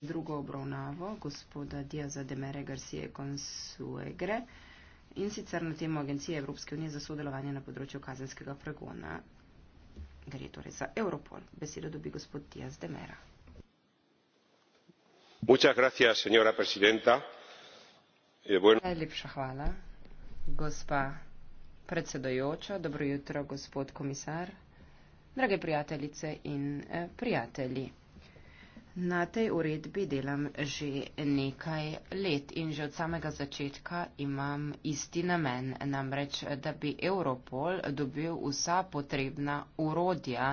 drugo obravnavo gospoda Diaza Demere Garcije Consuegre in sicer na temo Agencije Evropske unije za sodelovanje na področju kazenskega pregona. Gre torej za Europol. Besedo dobi gospod Diaz Demera. Eh, Najlepša hvala, gospa predsedojoča, dobro jutro, gospod komisar, drage prijateljice in eh, prijatelji. Na tej uredbi delam že nekaj let in že od samega začetka imam isti namen, namreč, da bi Europol dobil vsa potrebna urodja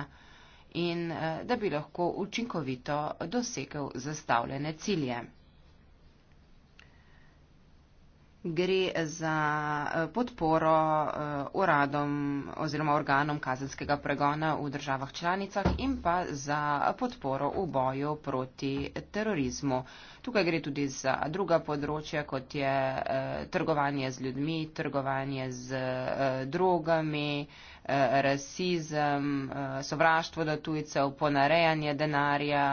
in da bi lahko učinkovito dosegel zastavljene cilje gre za eh, podporo eh, uradom oziroma organom kazenskega pregona v državah članicah in pa za podporo v boju proti terorizmu. Tukaj gre tudi za druga področja, kot je eh, trgovanje z ljudmi, trgovanje z drogami, rasizem, sovraštvo do tujcev, ponarejanje denarja,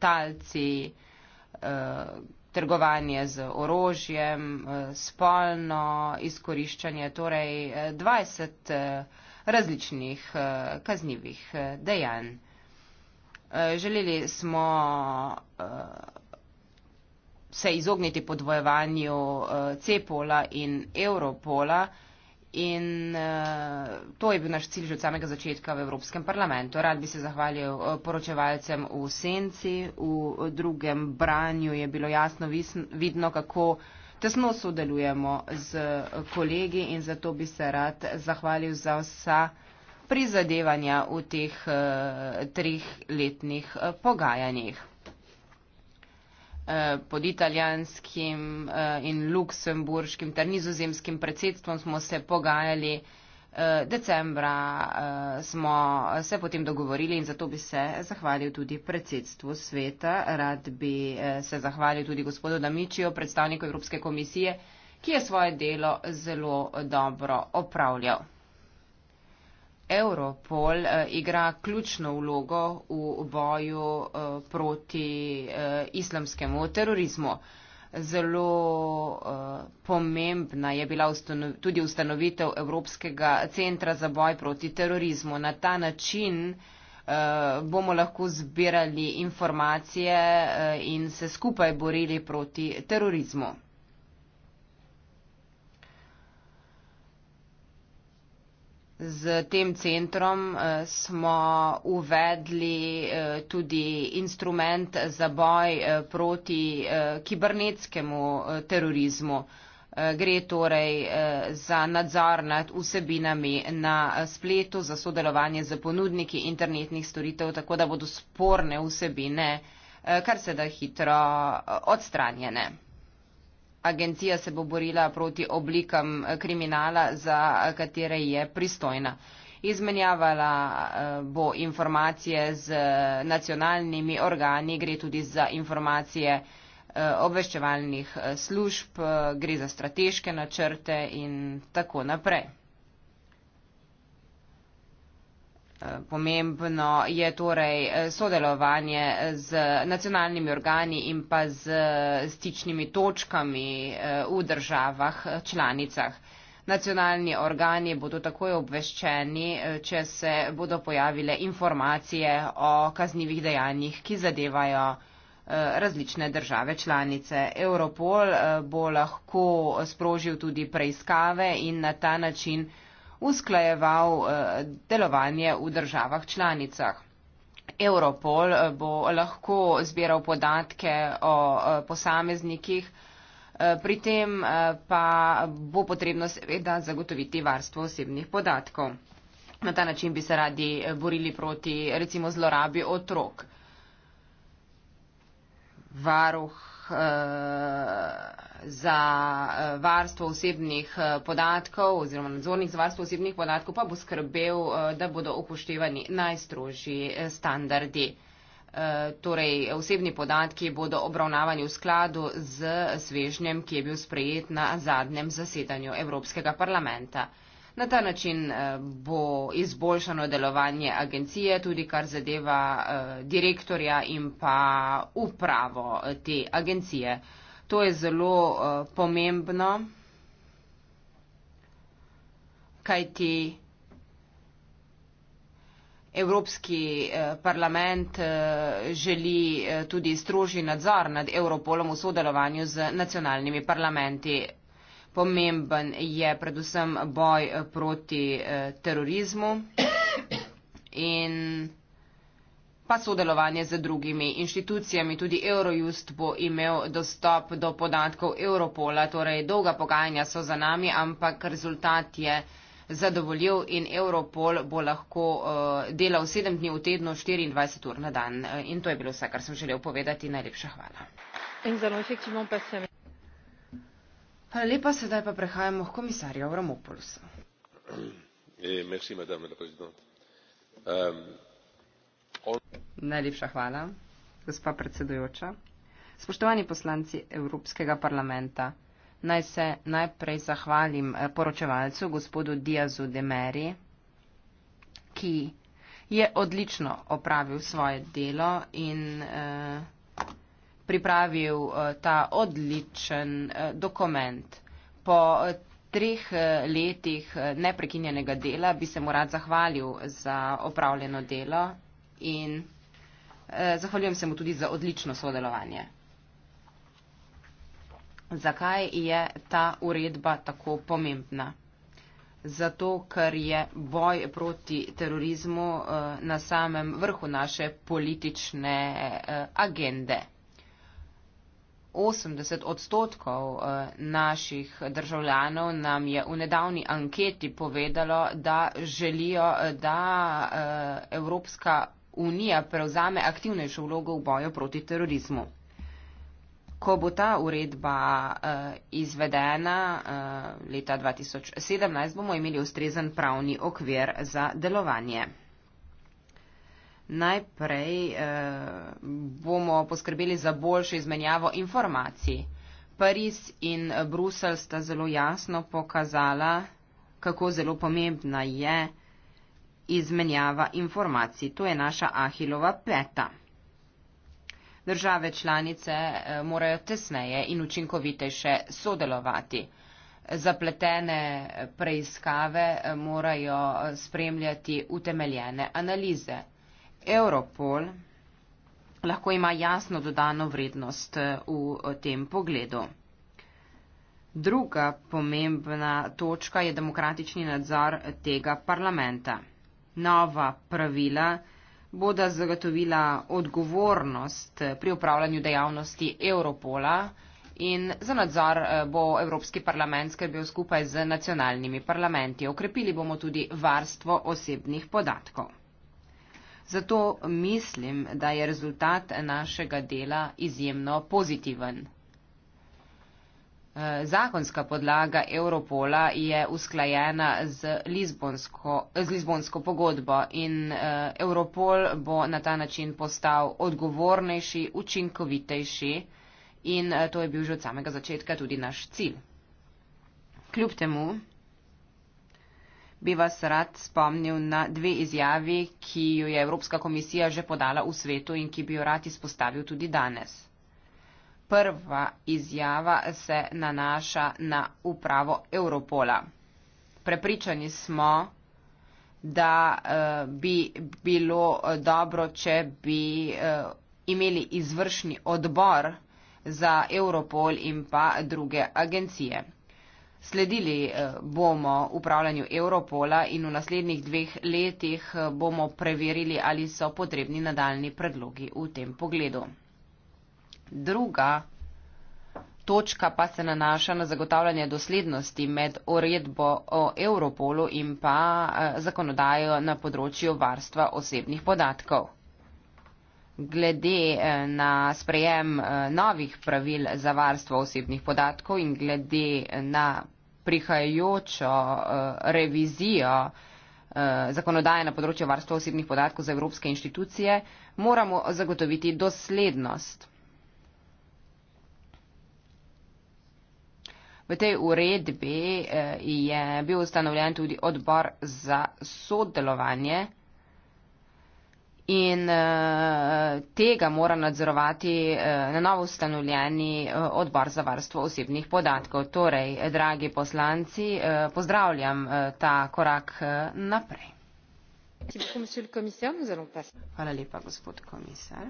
talci trgovanje z orožjem, eh, spolno izkoriščanje, torej 20 eh, eh, različnih kaznjivih dejanj. Želeli smo se izogniti podvojevanju Cepola in Europola. In uh, to je bil naš cilj že od samega začetka v Evropskem parlamentu. Rad bi se zahvalil eh, poročevalcem v senci. V eh, drugem branju je bilo jasno vidno, kako tesno sodelujemo z kolegi in zato bi se rad zahvalil za vsa prizadevanja v teh uh, trih letnih uh, pogajanjih. Eh, pod italijanskim eh, in luksemburškim ter nizozemskim predsedstvom smo se pogajali. Eh, decembra smo se potem dogovorili in zato bi se zahvalil tudi predsedstvu sveta. Rad bi se zahvalil tudi gospodu Damičijo, predstavniku Evropske komisije, ki je svoje delo zelo dobro opravljal. Europol eh, igra ključno vlogo v boju eh, proti eh, islamskemu terorizmu. Zelo pomembna je bila tudi ustanovitev Evropskega centra za boj proti terorizmu. Na ta način bomo lahko zbirali informacije in se skupaj borili proti terorizmu. Z tem centrom eh, smo uvedli eh, tudi instrument za boj eh, proti kibernetskemu terorizmu. Gre torej za nadzor nad vsebinami na spletu, za sodelovanje z ponudniki internetnih storitev, tako da bodo sporne vsebine kar se da hitro odstranjene. Agencija se bo borila proti oblikam eh, kriminala, za eh, katere je pristojna. Izmenjavala eh, bo informacije z nacionalnimi organi, gre tudi za informacije obveščevalnih služb, gre za strateške načrte in tako naprej. Eh, pomembno je torej eh, sodelovanje z nacionalnimi organi in pa z eh, stičnimi točkami v državah članicah. Nacionalni organi bodo takoj obveščeni, če se bodo pojavile informacije o kaznjivih dejanjih, ki zadevajo različne države članice. Europol bo lahko sprožil tudi preiskave in na ta način usklajeval eh, delovanje v državah članicah. Europol eh, bo lahko zbiral podatke o eh, posameznikih, pri tem pa bo potrebno seveda zagotoviti varstvo osebnih podatkov. Na ta način bi se radi borili proti recimo zlorabi otrok. Varuh Eh, za eh, varstvo osebnih eh, podatkov oziroma nadzornik za varstvo osebnih podatkov pa bo skrbel, da bodo upoštevani najstrožji standardi. Torej, osebni podatki bodo obravnavani v skladu z svežnjem, ki je bil sprejet na zadnjem zasedanju Evropskega parlamenta. Na ta način eh, bo izboljšano delovanje agencije, tudi kar zadeva eh, direktorja in pa upravo eh, te agencije. To je zelo pomembno, kajti Evropski parlament želi tudi strožji nadzor nad Europolom v sodelovanju z nacionalnimi parlamenti pomemben je predvsem boj eh, proti eh, terorizmu in pa sodelovanje z drugimi inštitucijami. Tudi Eurojust bo imel dostop do podatkov Europola, torej dolga pogajanja so za nami, ampak rezultat je zadovoljiv in Europol bo lahko uh, delal 7 dni v tednu, 24 ur na dan. Eh, in to je bilo vse, kar sem želel povedati. Najlepša hvala. Hvala lepa, sedaj pa prehajamo k komisarju Avramopolusu. Eh, eh, Najlepša hvala, gospa predsedujoča. Spoštovani poslanci Evropskega parlamenta, naj se najprej zahvalim eh, poročevalcu, gospodu Diazu de Meri, ki je odlično opravil svoje delo in eh, pripravil eh, ta odličen eh, dokument. Po eh, treh letih neprekinjenega dela bi se mu rad zahvalil za opravljeno delo in zahvaljujem se mu tudi za odlično sodelovanje. Zakaj je ta uredba tako pomembna? Zato, ker je boj proti terorizmu na samem vrhu naše politične agende. 80 odstotkov eh, naših državljanov nam je v nedavni anketi povedalo, da želijo, eh, da eh, Evropska unija prevzame aktivnejšo vlogo v boju proti terorizmu. Ko bo ta uredba izvedena leta 2017, bomo imeli ustrezen pravni okvir za delovanje. Najprej eh, bomo poskrbeli za boljšo izmenjavo informacij. Paris in Brusel sta zelo jasno pokazala, kako zelo pomembna je izmenjava informacij. To je naša ahilova peta. Države članice eh, morajo tesneje in učinkovitejše sodelovati. Zapletene preiskave eh, morajo eh, spremljati utemeljene analize. Europol lahko ima jasno dodano vrednost eh, v eh, tem pogledu. Druga pomembna točka je demokratični nadzor eh, tega parlamenta. Nova pravila bodo zagotovila odgovornost pri upravljanju dejavnosti Europola in za nadzor bo Evropski parlament skrbel skupaj z nacionalnimi parlamenti. Okrepili bomo tudi varstvo osebnih podatkov. Zato mislim, da je rezultat našega dela izjemno pozitiven. Eh, zakonska podlaga Europola je usklajena z Lizbonsko, z Lizbonsko pogodbo in eh, Europol bo na ta način postal odgovornejši, učinkovitejši in eh, to je bil že od samega začetka tudi naš cilj. Kljub temu, bi vas rad spomnil na dve izjavi, ki jo je Evropska komisija že podala v svetu in ki bi jo rad izpostavil tudi danes. Prva izjava se nanaša na upravo Europola. Prepričani smo, da eh, bi bilo eh, dobro, če bi eh, imeli izvršni odbor za Europol in pa druge agencije. Sledili eh, bomo upravljanju Europola in v naslednjih dveh letih eh, bomo preverili, ali so potrebni nadaljni predlogi v tem pogledu. Druga točka pa se nanaša na zagotavljanje doslednosti med uredbo o Europolu in pa eh, zakonodajo na področju varstva osebnih podatkov glede eh, na sprejem eh, novih pravil za varstvo osebnih podatkov in glede eh, na prihajajočo revizijo zakonodaje na področju varstva osebnih podatkov za evropske inštitucije, moramo zagotoviti doslednost. V tej uredbi je bil ustanovljen tudi odbor za sodelovanje in uh, tega mora nadzorovati uh, na novo ustanovljeni uh, odbor za varstvo osebnih podatkov. Torej, dragi poslanci, uh, pozdravljam uh, ta korak uh, naprej. Hvala lepa, gospod komisar.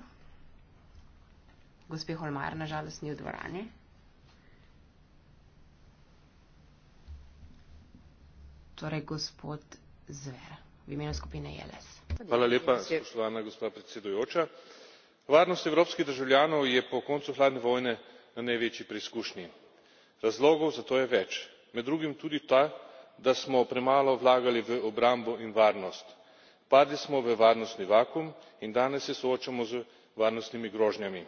Gospe Holmar, nažalost, ni v dvorani. Torej, gospod Zver varnost evropskih državljanov je po koncu hladne vojne na največji preizkušnji. razlogov za to je več med drugim tudi ta da smo premalo vlagali v obrambo in varnost padli smo v varnostni vakuum in danes se soočamo z varnostnimi grožnjami.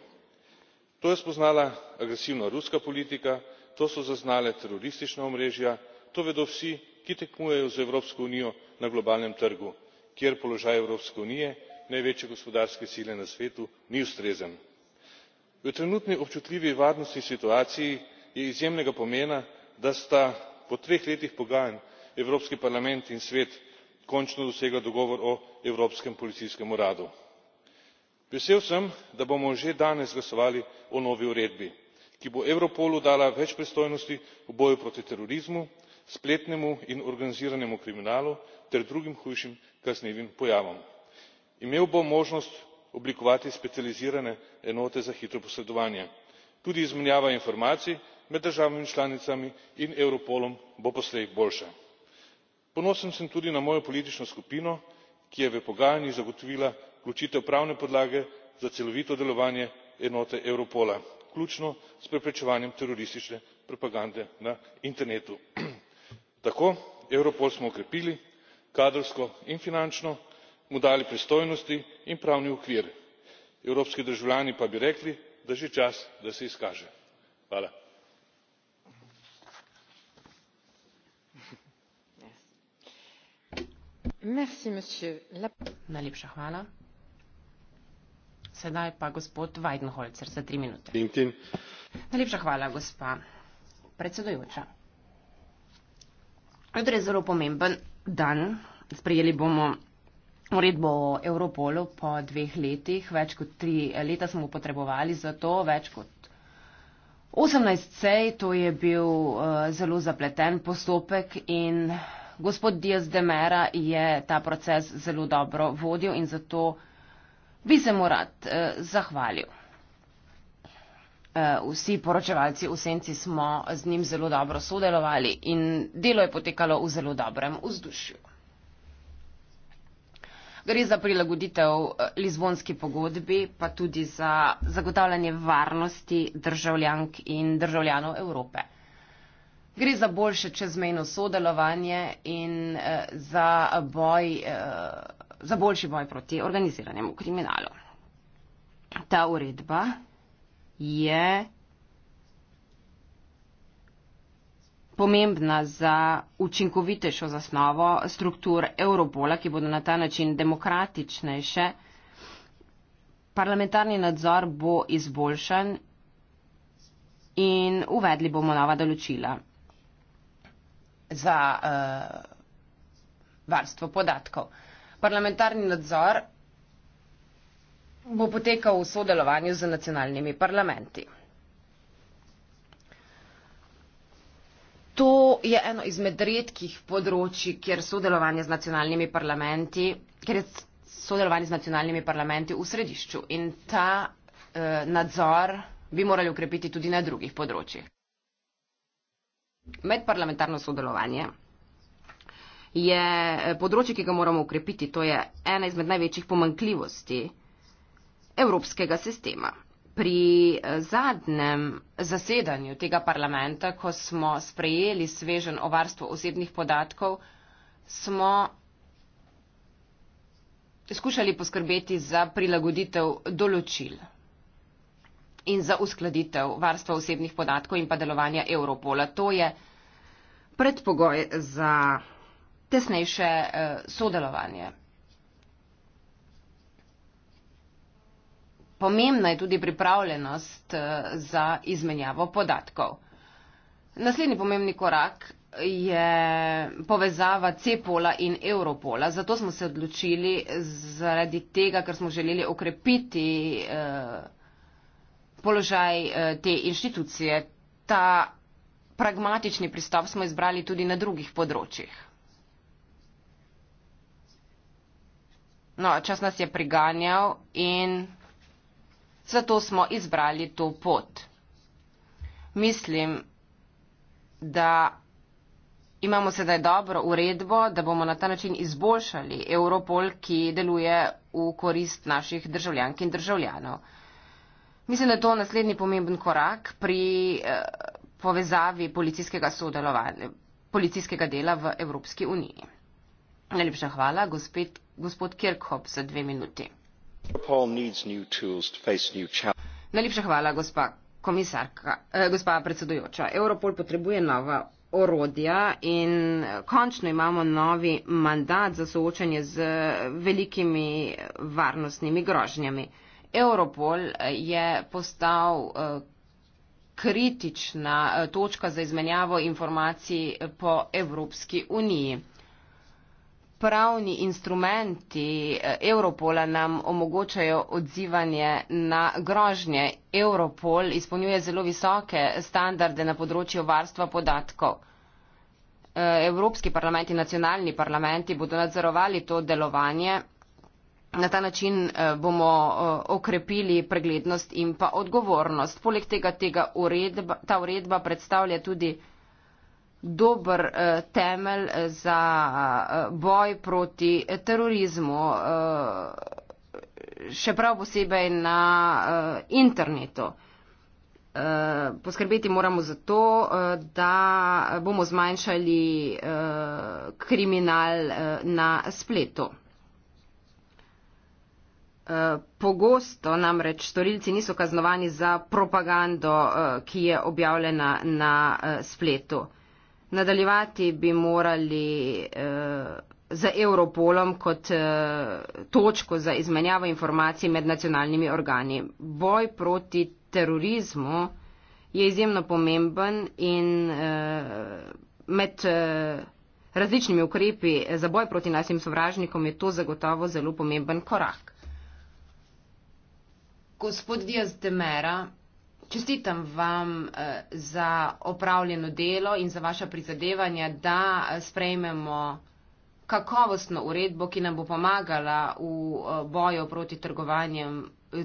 to je spoznala agresivna ruska politika to so zaznala teroristična omrežja to vedo vsi ki tekmujejo z evropsko unijo za moč in vpliv na globalnem trgu kjer položaj evropske unije največje gospodarske sile na svetu ni ustrezen. v trenutni občutljivi varnostni situaciji je izjemnega pomena da sta po treh letih pogajanj evropski parlament in svet končno dosegla dogovor o evropskem policijskem uradu. vesel sem da bomo že danes glasovali o novi uredbi ki bo europolu dala več pristojnosti v boju proti terorizmu spletnemu in organiziranemu kriminalu ter drugim hujšim kaznivim pojavom. imel bo možnost oblikovati specializirane enote za hitro posredovanje. tudi izmenjava informacij med državami članicami in europolom bo poslej boljša. ponosen sem tudi na mojo politično skupino ki je v pogajanjih zagotovila vključitev pravne podlage za celovito delovanje enote europola vključno s preprečevanjem teroristične propagande na internetu tako europol smo okrepili kadrovsko in finančno mu dali pristojnosti in pravni okvir evropski državljani pa bi rekli da je že čas da se izkaže. najlepša hvala gospa predsedujoča. Jutri je zelo pomemben dan. Sprejeli bomo uredbo o Europolu po dveh letih. Več kot tri leta smo potrebovali za to, več kot 18 sej. To je bil uh, zelo zapleten postopek in gospod Diaz de Mera je ta proces zelo dobro vodil in zato bi se mu rad uh, zahvalil. Eh, vsi poročevalci v senci smo z njim zelo dobro sodelovali in delo je potekalo v zelo dobrem vzdušju. Gre za prilagoditev eh, Lizbonski pogodbi, pa tudi za zagotavljanje varnosti državljank in državljanov Evrope. Gre za boljše čezmejno sodelovanje in eh, za, boj, za boljši boj proti organiziranemu kriminalu. Ta uredba je pomembna za učinkovitejšo zasnovo struktur Europola, ki bodo na ta način demokratičnejše. Parlamentarni nadzor bo izboljšan in uvedli bomo nova določila za uh, varstvo podatkov. Parlamentarni nadzor bo potekal v sodelovanju z nacionalnimi parlamenti. To je eno izmed redkih področji, kjer sodelovanje z nacionalnimi parlamenti, kjer je sodelovanje z nacionalnimi parlamenti v središču in ta eh, nadzor bi morali ukrepiti tudi na drugih področjih. Medparlamentarno sodelovanje je eh, področje, ki ga moramo ukrepiti. To je ena izmed največjih pomankljivosti evropskega sistema. Pri eh, zadnjem zasedanju tega parlamenta, ko smo sprejeli svežen o varstvu osebnih podatkov, smo skušali poskrbeti za prilagoditev določil in za uskladitev varstva osebnih podatkov in pa delovanja Europola. To je predpogoj za tesnejše eh, sodelovanje Pomembna je tudi pripravljenost eh, za izmenjavo podatkov. Naslednji pomembni korak je povezava CEPOLA in Europola. Zato smo se odločili zaradi tega, ker smo želeli okrepiti eh, položaj eh, te inštitucije. Ta pragmatični pristop smo izbrali tudi na drugih področjih. No, čas nas je priganjal in. Zato smo izbrali to pot. Mislim, da imamo sedaj dobro uredbo, da bomo na ta način izboljšali Europol, ki deluje v korist naših državljank in državljanov. Mislim, da je to naslednji pomemben korak pri eh, povezavi policijskega, policijskega dela v Evropski uniji. Najlepša hvala, gospod, gospod Kirkhop, za dve minuti najlepša hvala gospa komisarka eh, gospa predsedujoča europol potrebuje nova orodja in eh, končno imamo novi mandat za soočanje z eh, velikimi varnostnimi grožnjami europol eh, je postal eh, kritična točka za izmenjavo informacij po Evropski uniji pravni instrumenti eh, Europola nam omogočajo odzivanje na grožnje. Europol izpolnjuje zelo visoke standarde na področju varstva podatkov. Eh, Evropski parlament in nacionalni parlamenti bodo nadzorovali to delovanje. Na ta način eh, bomo okrepili preglednost in pa odgovornost. Poleg tega, tega uredba, ta uredba predstavlja tudi dober eh, temelj za eh, boj proti terorizmu, eh, še prav posebej na internetu. Poskrbeti moramo za to, da bomo zmanjšali kriminal na spletu. Pogosto namreč storilci niso kaznovani za propagando, ki je objavljena na spletu nadaljevati bi morali eh, z Europolom kot eh, točko za izmenjavo informacij med nacionalnimi organi. Boj proti terorizmu je izjemno pomemben in eh, med eh, različnimi ukrepi za boj proti nasim sovražnikom je to zagotovo zelo pomemben korak. Gospod Diaz de Mera, Čestitam vam eh, za opravljeno delo in za vaše prizadevanje, da eh, sprejmemo kakovostno uredbo, ki nam bo pomagala v eh, boju proti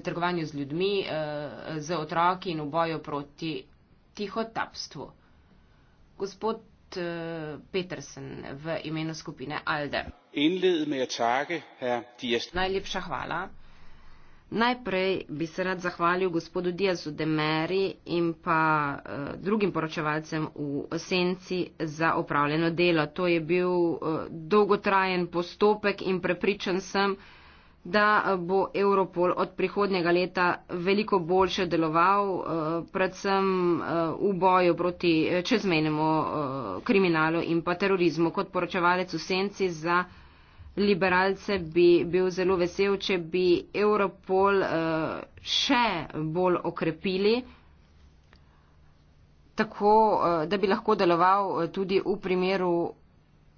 trgovanju z ljudmi, z otroki in v boju proti tihotapstvu. Gospod Petersen v imenu skupine Alde. Najlepša hvala. Najprej bi se rad zahvalil gospodu Diazu de Meri in pa uh, drugim poročevalcem v Senci za opravljeno delo. To je bil uh, dolgotrajen postopek in prepričan sem, da bo Europol od prihodnjega leta veliko boljše deloval, uh, predvsem uh, v boju proti čezmenemu uh, kriminalu in pa terorizmu. Kot poročevalec v Senci za opravljeno delo liberalce bi bil zelo vesel, če bi Europol eh, še bolj okrepili, tako eh, da bi lahko deloval eh, tudi v primeru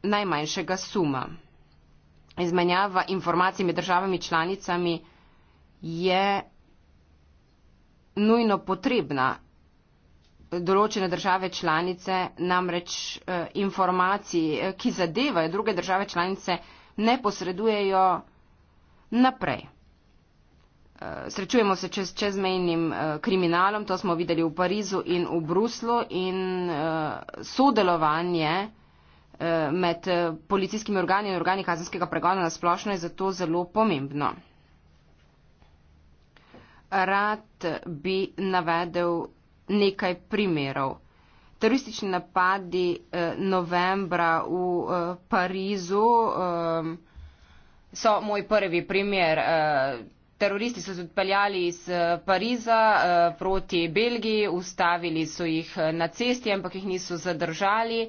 najmanjšega suma. Izmenjava informacij med državami članicami je nujno potrebna. Določene države članice namreč informacij, ki zadevajo druge države članice, ne posredujejo naprej. Eh, srečujemo se čez, čezmejnim eh, kriminalom, to smo videli v Parizu in v Bruslu in eh, sodelovanje med policijskimi organi in organi kazenskega pregona na splošno je zato zelo pomembno. Rad bi navedel nekaj primerov teroristični napadi eh, novembra v eh, Parizu eh, so moj prvi primer. Teroristi so se odpeljali iz Pariza proti Belgiji, ustavili so jih na cesti, ampak jih niso zadržali.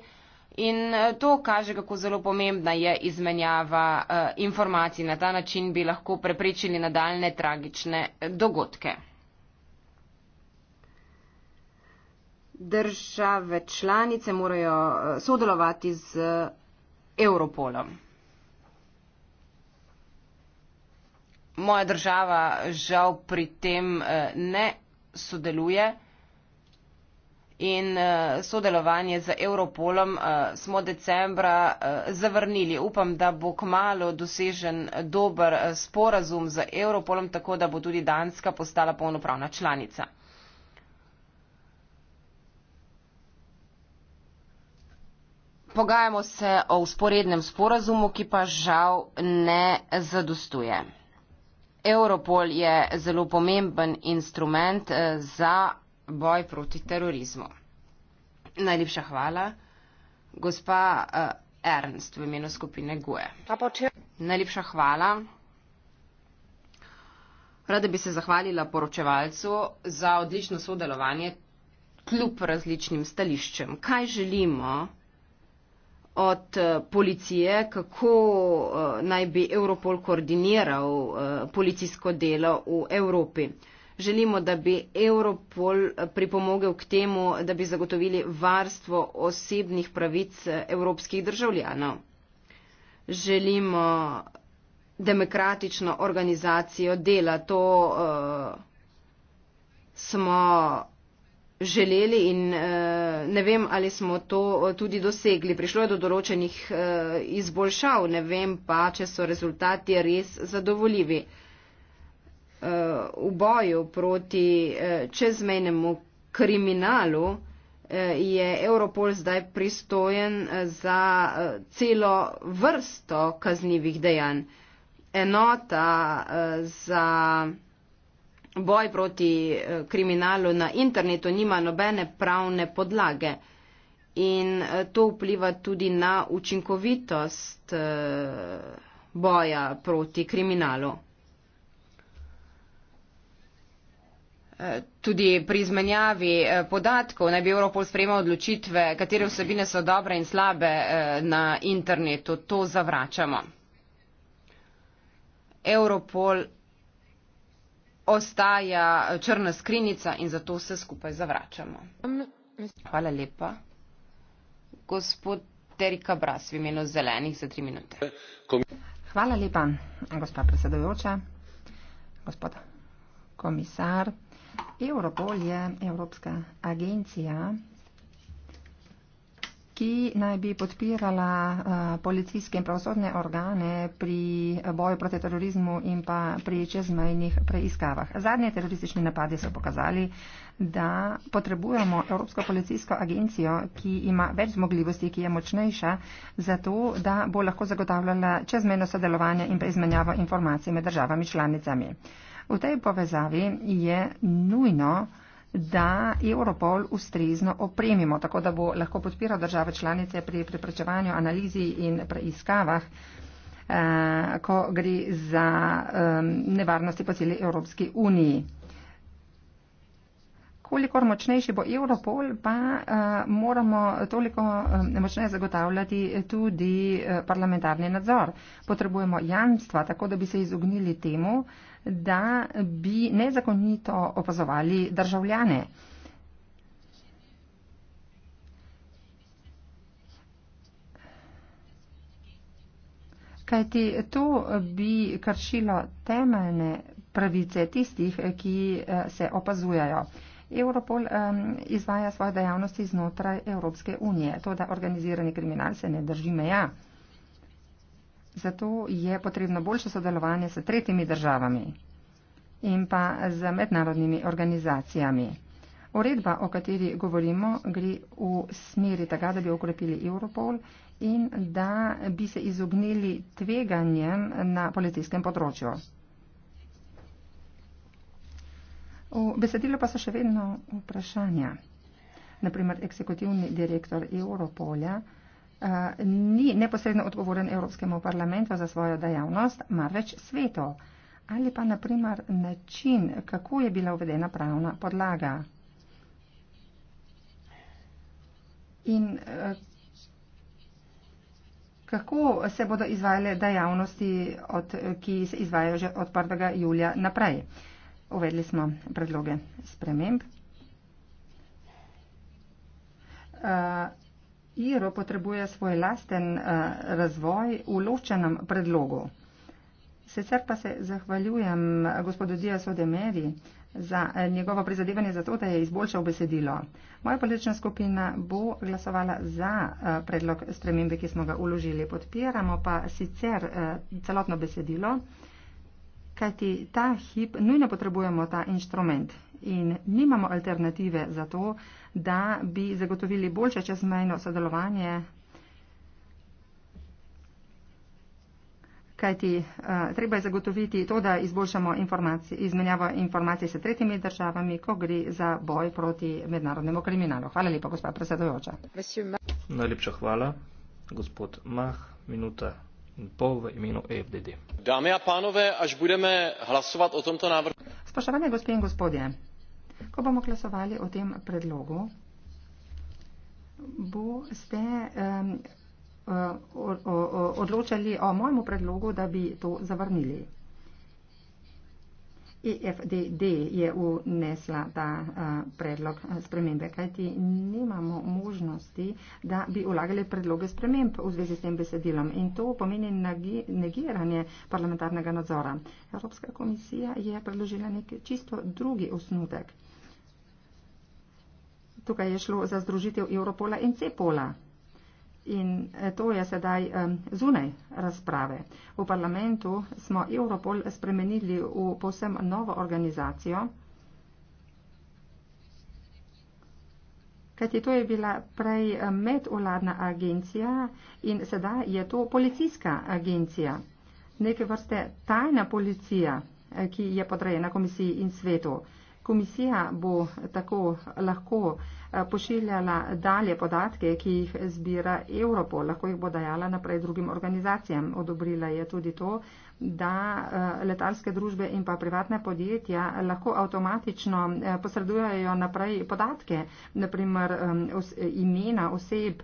In to kaže, kako zelo pomembna je izmenjava informacij. Na ta način bi lahko preprečili nadaljne tragične dogodke. države članice morajo eh, sodelovati z eh, Europolom. Moja država žal pri tem eh, ne sodeluje in sodelovanje z Europolom smo decembra zavrnili. Upam, da bo kmalo dosežen dober sporazum z Europolom, tako da bo tudi Danska postala polnopravna članica. Pogajamo se o usporednem sporazumu, ki pa žal ne zadostuje. Europol je zelo pomemben instrument eh, za boj proti terorizmu. Najlepša hvala, gospa eh, Ernst v imenu skupine GUE. Najlepša hvala. Rada bi se zahvalila poročevalcu za odlično sodelovanje kljub različnim stališčem. Kaj želimo? od eh, policije, kako eh, naj bi Europol koordiniral eh, policijsko delo v Evropi. Želimo, da bi Europol pripomogel k temu, da bi zagotovili varstvo osebnih pravic evropskih državljanov. Želimo demokratično organizacijo dela. To uh, smo želeli in uh, ne vem, ali smo to eh, tudi dosegli. Prišlo je do določenih uh, izboljšav, ne vem pa, če so rezultati res zadovoljivi. Uh, v boju proti uh, čezmejnemu kriminalu uh, je Europol zdaj pristojen za uh, celo vrsto kaznjivih dejanj. Enota uh, za boj proti eh, kriminalu na internetu nima nobene pravne podlage. In eh, to vpliva tudi na učinkovitost eh, boja proti kriminalu. Tudi pri izmenjavi podatkov naj bi Europol sprejemal odločitve, katere vsebine so dobre in slabe na internetu. To zavračamo. Europol ostaja črna skrinica in zato vse skupaj zavračamo. Hvala lepa. Gospod Terika Bras, v imenu zelenih za tri minute. Hvala lepa, gospa predsedujoča, gospod komisar. Europol je Evropska agencija ki naj bi podpirala eh, policijske in pravosodne organe pri boju proti terorizmu in pa pri čezmejnih preiskavah. Zadnje teroristične napade so pokazali, da potrebujemo Evropsko policijsko agencijo, ki ima več zmogljivosti, ki je močnejša, zato da bo lahko zagotavljala čezmejno sodelovanje in izmenjavo informacij med državami članicami. V tej povezavi je nujno, da Europol ustrezno opremimo, tako da bo lahko podpiral države članice pri preprečevanju, analizi in preiskavah, eh, ko gre za eh, nevarnosti po celi Evropski uniji. Kolikor močnejši bo Europol, pa eh, moramo toliko eh, močneje zagotavljati tudi eh, parlamentarni nadzor. Potrebujemo jamstva, tako da bi se izognili temu, eh, da bi nezakonito opazovali državljane. Kajti to bi kršilo temeljne pravice tistih, ki eh, se opazujajo. Europol um, izvaja svoje dejavnosti znotraj Evropske unije, to da organizirani kriminal se ne drži meja. Ja. Zato je potrebno boljše sodelovanje s tretjimi državami in pa z mednarodnimi organizacijami. Uredba, o kateri govorimo, gre v smeri tega, da bi ukrepili Europol in da bi se izognili tveganjem na policijskem področju. V besedilo pa so še vedno vprašanja. Naprimer, eksekutivni direktor Europolja Eh, ni neposredno odgovoren Evropskemu parlamentu za svojo dejavnost, marveč svetu. Ali pa naprimer način, kako je bila uvedena pravna podlaga. In eh, kako se bodo izvajale dejavnosti, od, ki se izvajajo že od 1. julija naprej. Uvedli smo predloge sprememb. Eh, Iro potrebuje svoj lasten eh, razvoj v ločenem predlogu. Sicer pa se zahvaljujem gospodu Diasu de Meri za eh, njegovo prizadevanje za to, da je izboljšal besedilo. Moja politična skupina bo glasovala za eh, predlog spremembe, ki smo ga uložili. Podpiramo pa sicer celotno besedilo, kajti ta hip nujno potrebujemo ta inštrument in nimamo alternative za to, da bi zagotovili boljše čezmejno sodelovanje. Kajti uh, treba je zagotoviti to, da izboljšamo informacij, izmenjavo informacij s tretjimi državami, ko gre za boj proti mednarodnemu kriminalu. Hvala lepa, gospod predsedujoča. Najlepša hvala, gospod Mah, minuta in pol v imenu EFDD. Dame in panove, až budeme glasovati o tomto návrhu. Spoštovane gospe in gospodje, Ko bomo glasovali o tem predlogu, boste um, odločali o mojemu predlogu, da bi to zavrnili. EFDD je unesla ta uh, predlog spremembe, kajti nimamo možnosti, da bi ulagali predloge sprememb v zvezi s tem besedilom. In to pomeni negiranje parlamentarnega nadzora. Evropska komisija je predložila nek čisto drugi osnutek. Tukaj je šlo za združitev Europola in Cepola. In eh, to je sedaj zunaj razprave. V parlamentu smo Europol spremenili v posem novo organizacijo, kajti to je bila prej eh, medvladna agencija in sedaj je to policijska agencija, neke vrste tajna policija, eh, ki je podrejena komisiji in svetu. Komisija bo tako lahko. Eh, pošiljala dalje podatke, ki jih zbira Europol, lahko jih bo dajala naprej drugim organizacijam. Odobrila je tudi to, da eh, letalske družbe in pa privatne podjetja lahko avtomatično eh, posredujejo naprej podatke, naprimer imena oseb,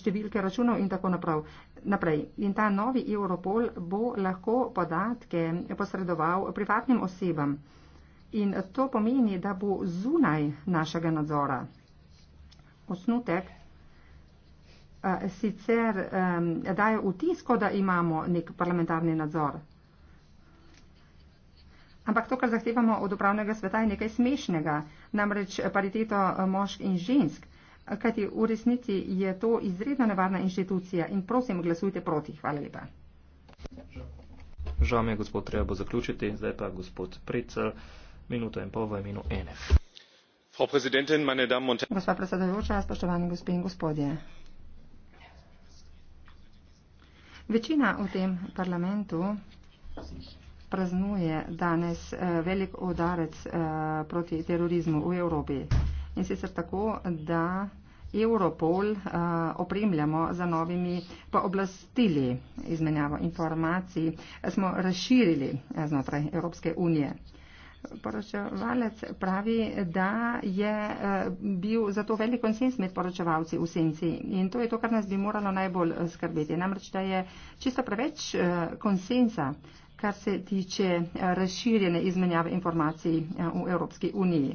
številke računov in tako naprav. naprej. In ta novi Europol bo lahko podatke posredoval privatnim osebam. In to pomeni, da bo zunaj našega nadzora osnutek eh, sicer daje vtisko, da imamo nek parlamentarni nadzor. Ampak to, kar zahtevamo od upravnega sveta, je nekaj smešnega, namreč pariteto eh, mošk in žensk, kajti v resnici je to izredno nevarna inštitucija in prosim, glasujte proti. Hvala lepa. Žal mi je, gospod, treba bo zaključiti, zdaj pa gospod Pricel, minuto in pol v imenu NF. Frau Präsidentin, meine Damen und Herren! Večina v tem parlamentu praznuje danes eh, velik udarec eh, proti terorizmu v Evropi. In sicer tako, da Europol eh, opremljamo za novimi pooblastili izmenjavo informacij, smo razširili znotraj Evropske unije poročevalec pravi, da je eh, bil zato velik konsens med poročevalci v senci in to je to, kar nas bi moralo najbolj eh, skrbeti. Namreč, da je čisto preveč eh, konsensa, kar se tiče razširjene izmenjave informacij v Evropski uniji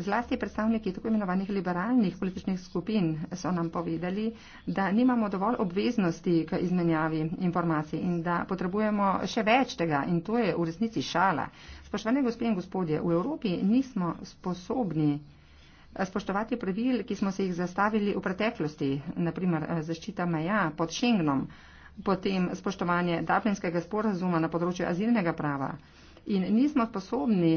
zlasti predstavniki tako imenovanih liberalnih političnih skupin so nam povedali, da nimamo dovolj obveznosti k izmenjavi informacij in da potrebujemo še več tega in to je v resnici šala. Spoštovane gospe in gospodje, v Evropi nismo sposobni eh, spoštovati pravil, ki smo se jih zastavili v preteklosti, naprimer eh, zaščita meja pod Schengenom, potem spoštovanje Dublinskega sporazuma na področju azilnega prava. In nismo sposobni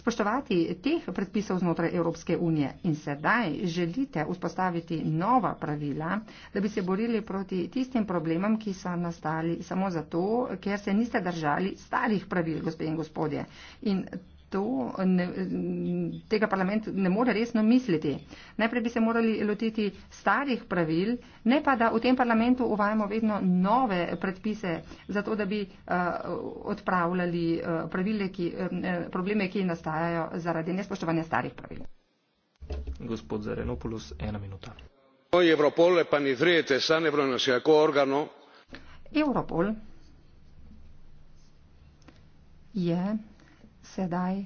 spoštovati teh predpisov znotraj Evropske unije in sedaj želite vzpostaviti nova pravila, da bi se borili proti tistim problemom, ki so nastali samo zato, ker se niste držali starih pravil, gospe in gospodje. In to, ne, tega parlament ne more resno misliti. Najprej bi se morali lotiti starih pravil, ne pa da v tem parlamentu uvajamo vedno nove predpise, zato da bi uh, odpravljali uh, pravile, ki, uh, probleme, ki nastajajo zaradi nespoštovanja starih pravil. Gospod Zarenopoulos, ena minuta. Europol je pa ni zrejete, san evropski kako organo. Europol je. Yeah sedaj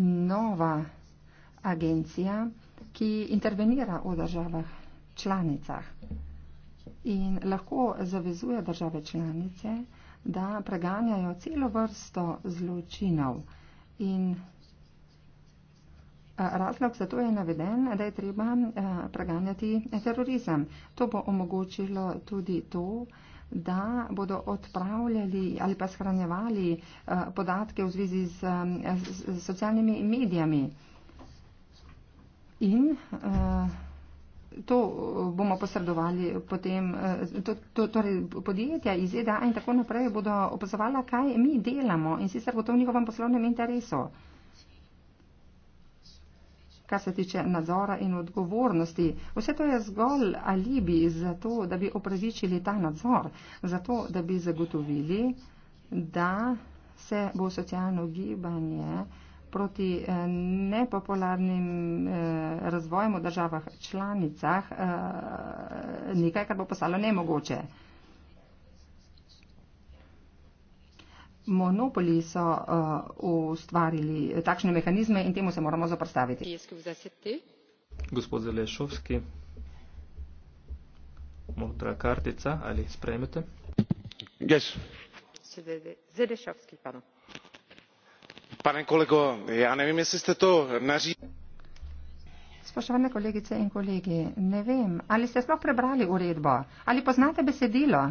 nova agencija, ki intervenira v državah članicah in lahko zavezuje države članice, da preganjajo celo vrsto zločinov. In razlog za to je naveden, da je treba preganjati terorizem. To bo omogočilo tudi to, da da bodo odpravljali ali pa shranjevali eh, podatke v zvezi z, z, eh, z socialnimi medijami. In uh, to bomo posredovali potem, uh, to, to, torej podjetja iz EDA in tako naprej bodo opazovala, kaj mi delamo in sicer gotovo v njihovem poslovnem interesu. Uh, kar se tiče nadzora in odgovornosti. Vse to je zgolj alibi za to, da bi opravičili ta nadzor, za to, da bi zagotovili, da se bo socialno gibanje proti eh, nepopularnim eh, razvojem v državah članicah eh, nekaj, kar bo postalo nemogoče. monopoli so uh, ustvarili takšne mehanizme in temu se moramo zaprstaviti. Gospod Zalešovski, modra kartica ali sprejmete? Yes. Zalešovski, pardon. Pane kolego, ja ne vem, jeste to naži. Spoštovane kolegice in kolegi, ne vem, ali ste sploh prebrali uredbo, ali poznate besedilo?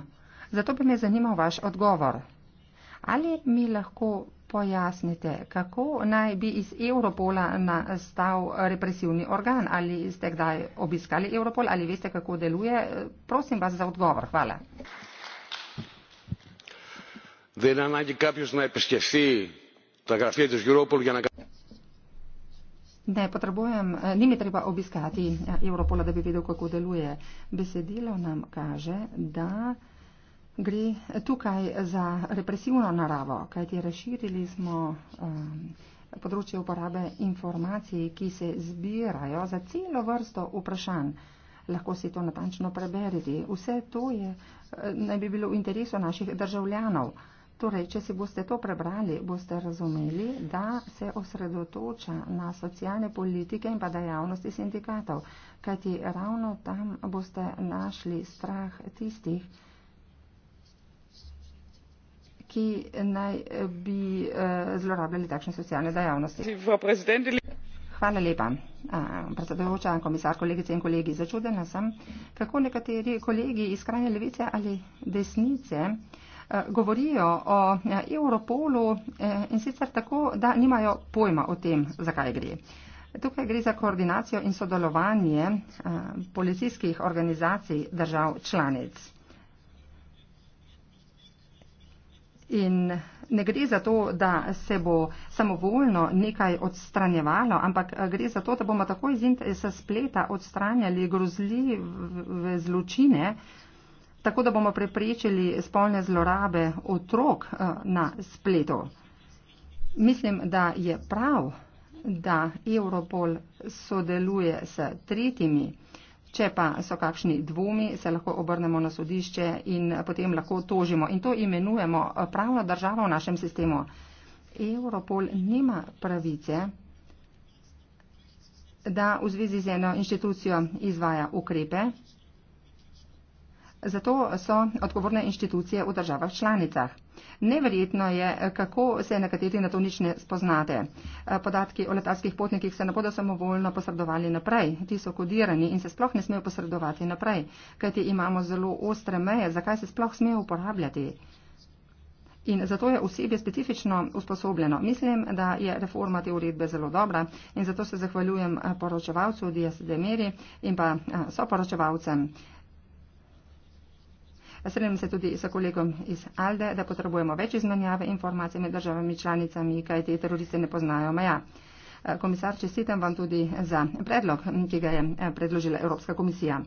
Zato bi me zanimal vaš odgovor. Ali mi lahko pojasnite, kako naj bi iz Europola nastal represivni organ? Ali ste kdaj obiskali Europol ali veste, kako deluje? Prosim vas za odgovor. Hvala. Δεν ανάγκη κάποιος να επισκεφθεί τα γραφεία της Europol για να Ναι, potrebujem, ni mi treba obiskati Europola da bi vedel kako deluje. Besedilo nam kaže, da Gre tukaj za represivno naravo, kajti razširili smo um, področje uporabe informacij, ki se zbirajo za celo vrsto vprašanj. Lahko si to natančno preberete. Vse to je, eh, naj bi bilo v interesu naših državljanov. Torej, če si boste to prebrali, boste razumeli, da se osredotoča na socialne politike in pa dejavnosti sindikatov, kajti ravno tam boste našli strah tistih, ki naj eh, bi eh, zlorabljali takšne socialne dejavnosti. Hvala lepa, predsedujoča, komisar, kolegice in kolegi. Začudena sem, kako nekateri kolegi iz krajne levice ali desnice eh, govorijo o Europolu in sicer tako, da nimajo pojma o tem, zakaj gre. Tukaj gre za koordinacijo in sodelovanje policijskih organizacij držav članic. In ne gre za to, da se bo samovoljno nekaj odstranjevalo, ampak eh, gre za to, da bomo tako iz interesa spleta odstranjali grozljive zločine, tako da bomo preprečili spolne zlorabe otrok eh, na spletu. Mislim, da je prav, da Europol sodeluje s tretjimi. Če pa so kakšni dvomi, se lahko obrnemo na sodišče in potem lahko tožimo. In to imenujemo pravna država v našem sistemu. Europol nima pravice, da v zvezi z eno inštitucijo izvaja ukrepe, Zato so odgovorne inštitucije v državah članicah. Neverjetno je, kako se nekateri na to nič ne spoznate. Podatki o letalskih potnikih se ne bodo samovoljno posredovali naprej. Ti so kodirani in se sploh ne smejo posredovati naprej, kajti imamo zelo ostre meje, zakaj se sploh smejo uporabljati. In zato je osebje specifično usposobljeno. Mislim, da je reforma te uredbe zelo dobra in zato se zahvaljujem poročevalcu Dias Demiri in pa eh, soporočevalcem. Strenjam se tudi s kolegom iz Alde, da potrebujemo več izmenjave informacij med državami članicami, kaj te teroristi ne poznajo meja. Eh, komisar, čestitam vam tudi za predlog, ki ga je eh, predložila Evropska komisija.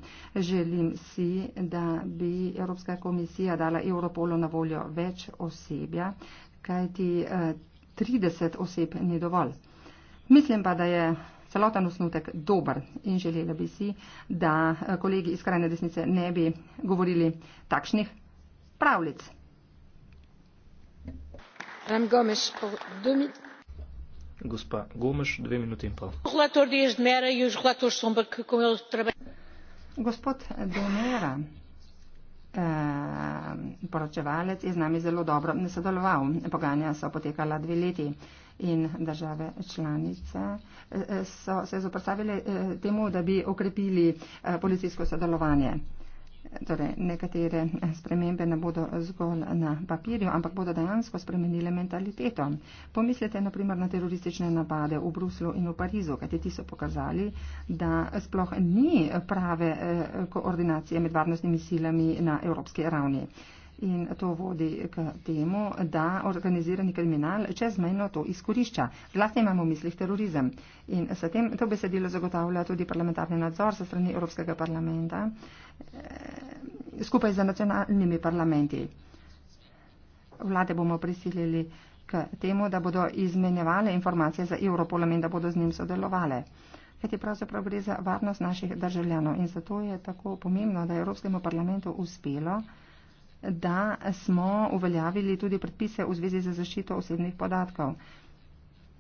Želim si, da bi Evropska komisija dala Europolu na voljo več osebja, kajti 30 eh, oseb ni dovolj. Mislim pa, da je celoten osnutek dober in želela bi si, da eh, kolegi iz krajne desnice ne bi govorili takšnih pravljic. Gospa Gomes, dve minuti in pol. E Gospod Domera, Ehm, poročevalec je z nami zelo dobro sodeloval. Pogajanja so potekala dve leti in države članice eh, eh, so se zoprstavile eh, temu, da bi okrepili policijsko sodelovanje. Torej, nekatere spremembe ne bodo zgolj na papirju, ampak bodo dejansko spremenile mentaliteto. Pomislite na primer na teroristične napade v Bruslu in v Parizu, kajti ti so pokazali, da sploh ni prave eh, koordinacije med varnostnimi silami na evropski ravni. In to vodi k temu, da organizirani kriminal čezmejno to izkorišča. Zlasti imamo v mislih terorizem. In s tem to besedilo zagotavlja tudi parlamentarni nadzor sa strani Evropskega parlamenta eh, skupaj z nacionalnimi parlamenti. Vlade bomo prisilili k temu, da bodo izmenjevale informacije za Europolom in da bodo z njim sodelovale. Kajti pravzaprav gre za varnost naših državljanov in zato je tako pomembno, da je Evropskemu parlamentu uspelo da smo uveljavili tudi predpise v zvezi za zaščito osebnih podatkov.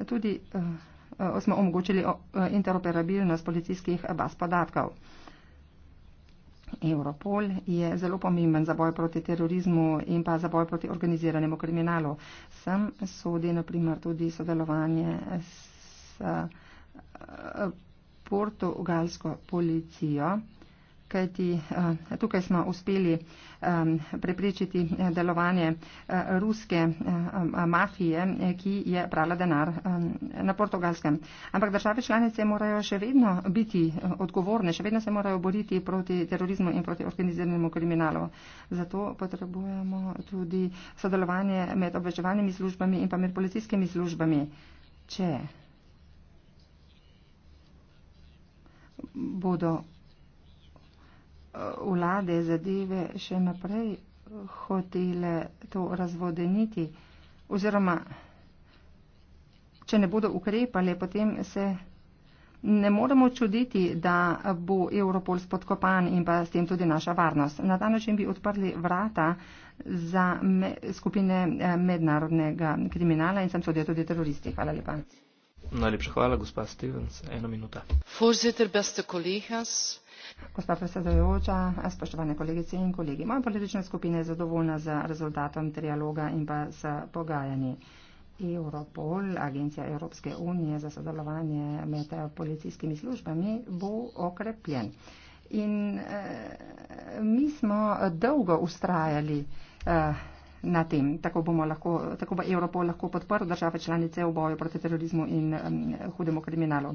Tudi uh, smo omogočili eh, interoperabilnost policijskih baz podatkov. Europol je zelo pomemben za boj proti terorizmu in pa za boj proti organiziranemu kriminalu. Sem sodi naprimer tudi sodelovanje s uh, portugalsko policijo kajti eh, tukaj smo uspeli preprečiti eh, delovanje eh, ruske mafije, ki je prala denar na portugalskem. Ampak države članice morajo še vedno biti odgovorne, še vedno se morajo boriti proti terorizmu in proti organiziranemu kriminalu. Zato potrebujemo tudi sodelovanje med obveščevalnimi službami in pa med policijskimi službami. Če bodo vlade zadeve še naprej hotele to razvodeniti oziroma če ne bodo ukrepali, potem se ne moremo čuditi, da bo Europol spodkopan in pa s tem tudi naša varnost. Na ta način bi odprli vrata za me, skupine eh, mednarodnega kriminala in sem sodel tudi teroristi. Hvala lepa. Najlepša hvala, gospa Stevens. Eno minuta. Forzeter, beste kolegas. Gospa predsedujoča, spoštovane kolegice in kolegi. Moja politična skupina je zadovoljna z rezultatom trialoga in pa s pogajanji. Europol, Agencija Evropske unije za sodelovanje med eh, policijskimi službami, bo okrepljen. In eh, mi smo dolgo ustrajali. Eh, na tem. Tako, lahko, tako bo Evropol lahko podprl države članice v boju proti terorizmu in um, hudemu kriminalu.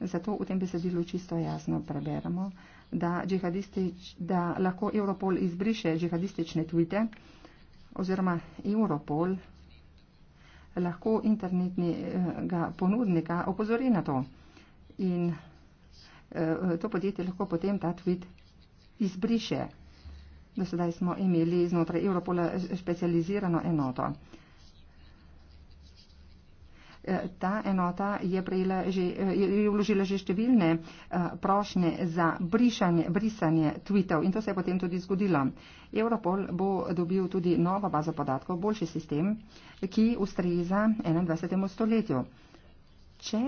Zato v tem besedilu čisto jasno preberemo, da, da lahko Evropol izbriše džihadistične tweete oziroma Evropol lahko internetnega ponudnika opozori na to. In eh, to podjetje lahko potem ta tweet izbriše. Do sedaj smo imeli znotraj Evropola specializirano enoto. E, ta enota je, že, e, je vložila že številne e, prošnje za brišanje, brisanje tweetov in to se je potem tudi zgodilo. Europol bo dobil tudi novo bazo podatkov, boljši sistem, ki ustreza 21. stoletju. Če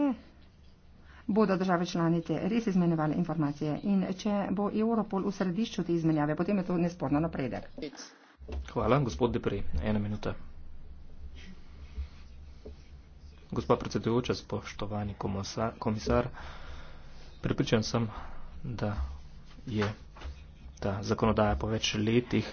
bodo države članice res izmenjevale informacije in če bo Europol v središču te izmenjave, potem je to nesporno napredek. Hvala, gospod Depre. Ena minuta. Gospa predsedujoča, spoštovani komisar, pripričan sem, da je ta zakonodaja po več letih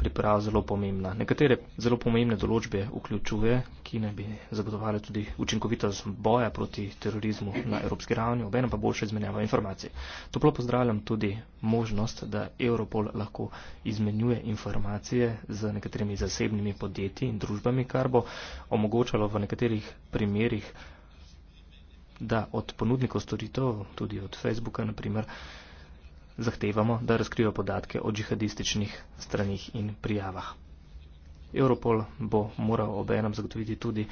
priprava zelo pomembna. Nekatere zelo pomembne določbe vključuje, ki naj bi zagotovile tudi učinkovitost boja proti terorizmu na evropski ravni, obenem pa boljša izmenjava informacij. Toplo pozdravljam tudi možnost, da Europol lahko izmenjuje informacije z nekaterimi zasebnimi podjetji in družbami, kar bo omogočalo v nekaterih primerjih, da od ponudnikov storitev, tudi od Facebooka naprimer, zahtevamo, da razkrijo podatke o džihadističnih stranih in prijavah. Europol bo moral obenem zagotoviti tudi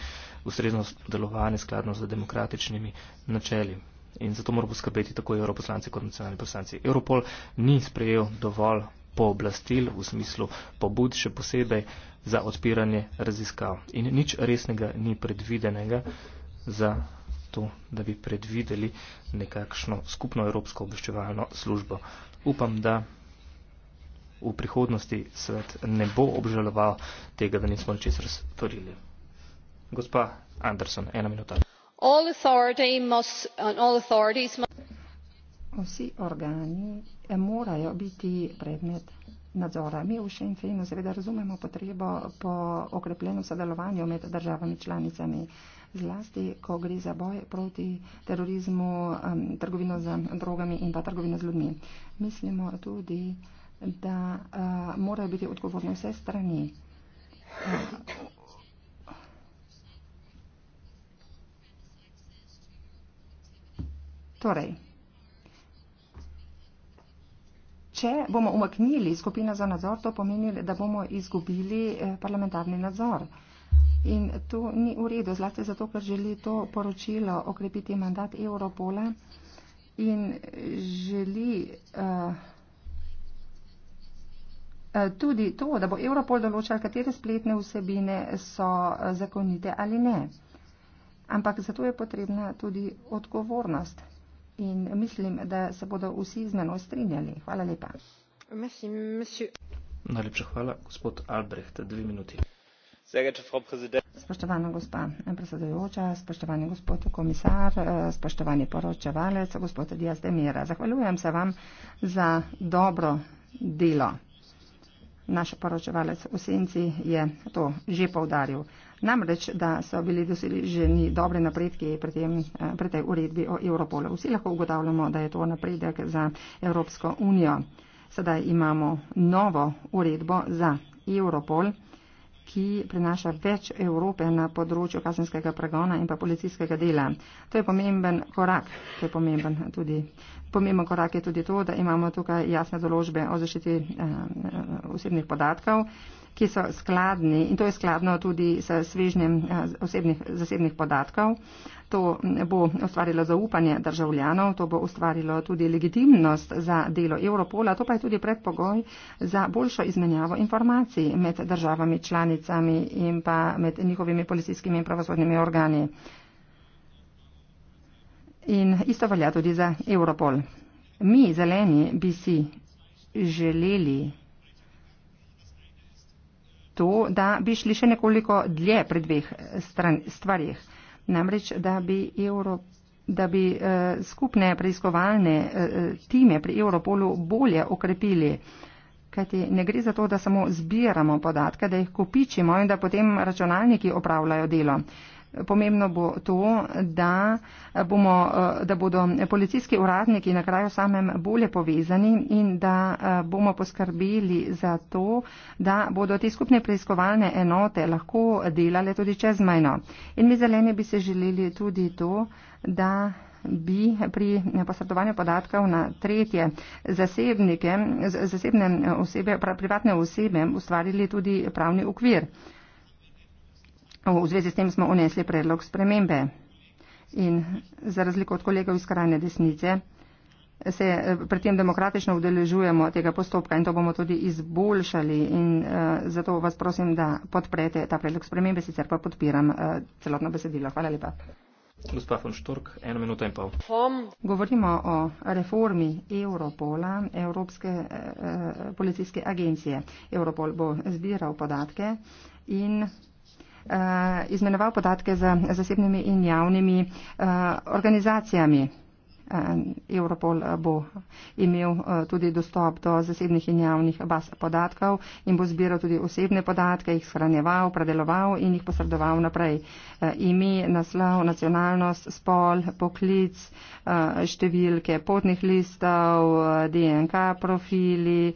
ustrezno delovanje skladno z demokratičnimi načeli. In zato mora poskrbeti tako europoslanci kot nacionalni poslanci. Europol ni sprejel dovolj pooblastil v smislu pobud, še posebej za odpiranje raziskav. In nič resnega ni predvidenega za to, da bi predvideli nekakšno skupno evropsko obveščevalno službo. Upam, da v prihodnosti svet ne bo obžaloval tega, da nismo ničesar storili. Gospa Anderson, ena minuta. All must, all must... Vsi organi eh, morajo biti predmet nadzora. Mi v Šenfejnu seveda razumemo potrebo po okrepljenem sodelovanju med državami članicami zlasti, ko gre za boje proti terorizmu, trgovino z drogami in pa trgovino z ljudmi. Mislimo tudi, da uh, morajo biti odgovorne vse strani. Uh, torej, če bomo umaknili skupino za nadzor, to pomeni, da bomo izgubili eh, parlamentarni nadzor. Uh, In to ni v redu, zlasti zato, ker želi to poročilo okrepiti mandat Europola in želi uh, tudi to, da bo Europol določal, katere spletne vsebine so eh, zakonite ali ne. Ampak zato je potrebna tudi odgovornost. In mislim, da se bodo vsi z menoj strinjali. Hvala lepa. Merci, Najlepša hvala, gospod Albrecht. Dve minuti. Spoštovana gospa predsedujoča, spoštovani gospod komisar, eh, spoštovani poročevalec, gospod Dias Demira. Zahvaljujem se vam za dobro delo. Naš poročevalec v senci je to že povdaril. Namreč, da so bili doseženi dobre napredki pri, tem, eh, pri tej uredbi o Europolu. Vsi lahko ugotavljamo, da je to napredek za Evropsko unijo. Sedaj imamo novo uredbo za Europol ki prenaša več Evrope na področju kazenskega pregona in pa policijskega dela. To je pomemben korak. To je pomemben tudi. Pomemben korak je tudi to, da imamo tukaj jasne določbe o zaščiti eh, osebnih podatkov ki so skladni in to je skladno tudi s svežnjem eh, osebnih, zasebnih podatkov. To mm, bo ustvarilo zaupanje državljanov, to bo ustvarilo tudi legitimnost za delo Europola, to pa je tudi predpogoj za boljšo izmenjavo informacij med državami članicami in pa med njihovimi policijskimi in pravosodnimi organi. In isto velja tudi za Europol. Mi, zeleni, bi si želeli to, da bi šli še nekoliko dlje pri dveh stran, stvarjih. Namreč, da bi, Euro, da bi uh, skupne preiskovalne uh, time pri Europolu bolje okrepili. Kajti ne gre za to, da samo zbiramo podatke, da jih kopičimo in da potem računalniki opravljajo delo. Uh, Pomembno bo to, da, bomo, da bodo policijski uradniki na kraju samem bolje povezani in da bomo poskrbeli za to, da bodo te skupne preiskovalne enote lahko delale tudi čezmajno. In mi zeleni bi se želeli tudi to, da bi pri posredovanju podatkov na tretje zasebnike, zasebne osebe, privatne osebe ustvarili tudi pravni ukvir v zvezi s tem smo unesli predlog spremembe. In za razliko od kolegov iz krajne desnice, se eh, pri tem demokratično udeležujemo tega postopka in to bomo tudi izboljšali. In uh, zato vas prosim, da podprete ta predlog spremembe, sicer pa podpiram uh, celotno besedilo. Hvala lepa. Gospa von Štork, eno minuto in pol. Pom. Govorimo o reformi Europola, Evropske uh, policijske agencije. Europol bo zbiral podatke in Eh, izmenjeval podatke z zasebnimi in javnimi eh, organizacijami. Eh, Europol eh, bo imel eh, tudi dostop do zasebnih in javnih baz podatkov in bo zbiral tudi osebne podatke, jih shranjeval, predeloval in jih posredoval naprej. Ime, naslov, nacionalnost, spol, poklic, številke potnih listov, DNK profili,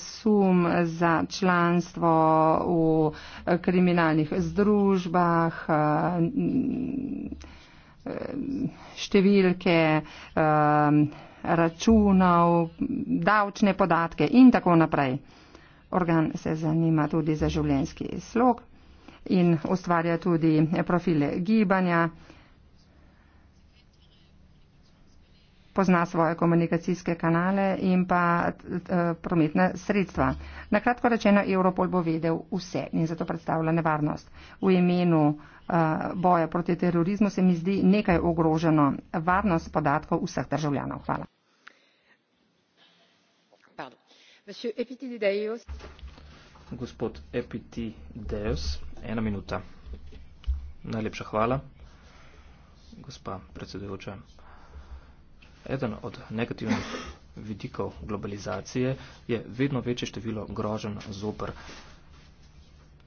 sum za članstvo v kriminalnih združbah številke um, računov, davčne podatke in tako naprej. Organ se zanima tudi za življenski slog in ustvarja tudi profile gibanja, pozna svoje komunikacijske kanale in pa eh, prometne sredstva. Nakratko rečeno, Europol bo vedel vse in zato predstavlja nevarnost. V imenu eh, boja proti terorizmu se mi zdi nekaj ogroženo. Varnost podatkov vseh državljanov. Hvala. Gospod Epitideus, ena minuta. Najlepša hvala, gospa predsedujoča. Eden od negativnih vidikov globalizacije je vedno večje število grožen zoper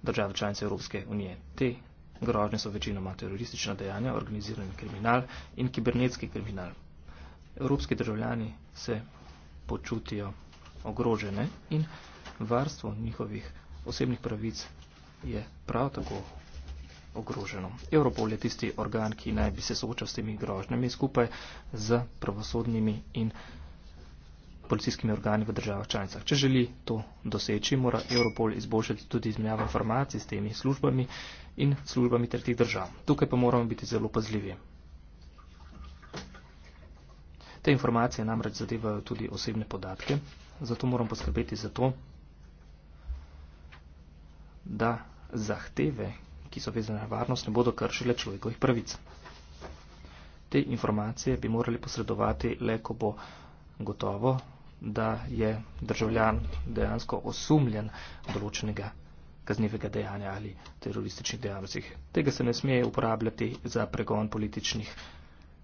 države članice Evropske unije. Te grožne so večinoma teroristična dejanja, organizirani kriminal in kibernetski kriminal. Evropski državljani se počutijo ogrožene in varstvo njihovih osebnih pravic je prav tako ogroženo. Europol je tisti organ, ki naj bi se soočal s temi grožnjami skupaj z pravosodnimi in policijskimi organi v državah članicah. Če želi to doseči, mora Europol izboljšati tudi izmenjavo informacij s temi službami in službami tretjih držav. Tukaj pa moramo biti zelo pazljivi. Te informacije namreč zadevajo tudi osebne podatke, zato moram poskrbeti za to, da zahteve, ki so vezane na varnost, ne bodo kršile človekovih pravic. Te informacije bi morali posredovati le, ko bo gotovo, da je državljan dejansko osumljen določenega kaznivega dejanja ali terorističnih dejavnosti. Tega se ne sme uporabljati za pregon političnih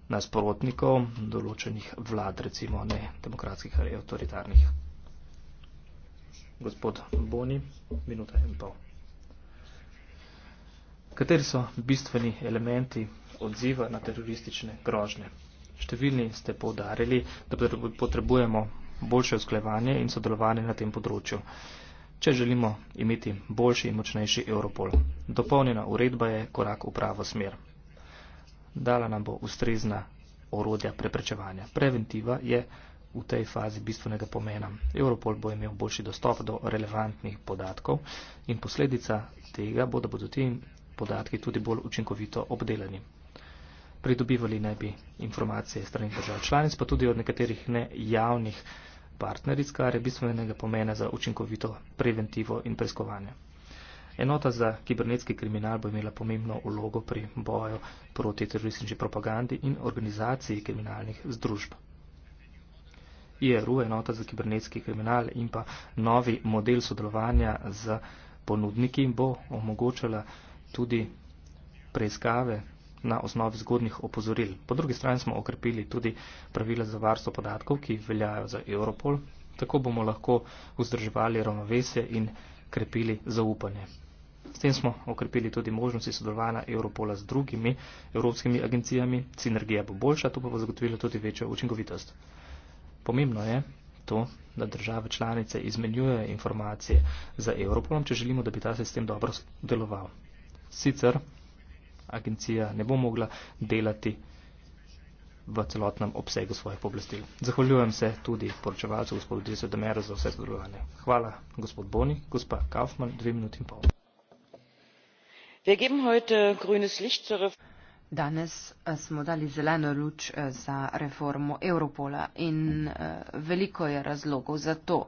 nasprotnikov, določenih vlad, recimo ne demokratskih ali avtoritarnih. Gospod Boni, minuta in pol. Kateri so bistveni elementi odziva na teroristične grožnje? Številni ste povdarili, da potrebujemo boljše usklevanje in sodelovanje na tem področju, če želimo imeti boljši in močnejši Europol. Dopolnjena uredba je korak v pravo smer. Dala nam bo ustrezna orodja preprečevanja. Preventiva je v tej fazi bistvenega pomena. Europol bo imel boljši dostop do relevantnih podatkov in posledica tega bo, da bodo ti podatki tudi bolj učinkovito obdelani. Pridobivali naj bi informacije strani držav članic, pa tudi od nekaterih nejavnih partneric, kar je bistvenega pomena za učinkovito preventivo in preiskovanje. Enota za kibernetski kriminal bo imela pomembno vlogo pri boju proti teroristični propagandi in organizaciji kriminalnih združb. IRU, enota za kibernetski kriminal in pa novi model sodelovanja z ponudniki bo omogočala tudi preiskave na osnovi zgodnih opozoril. Po drugi strani smo okrepili tudi pravila za varstvo podatkov, ki veljajo za Europol. Tako bomo lahko vzdrževali ravnovesje in krepili zaupanje. S tem smo okrepili tudi možnosti sodelovanja Europola z drugimi evropskimi agencijami. Sinergija bo boljša, to pa bo zagotovilo tudi večjo učinkovitost. Pomembno je to, da države članice izmenjujejo informacije za Europolom, če želimo, da bi ta sistem dobro deloval sicer agencija ne bo mogla delati v celotnem obsegu svojih poblastil. Zahvaljujem se tudi poročevalcu gospodu Dresu Demera za vse sodelovanje. Hvala gospod Boni, gospa Kaufmann, dve minuti in pol. Danes eh, smo dali zeleno luč eh, za reformo Evropola in eh, veliko je razlogov za to.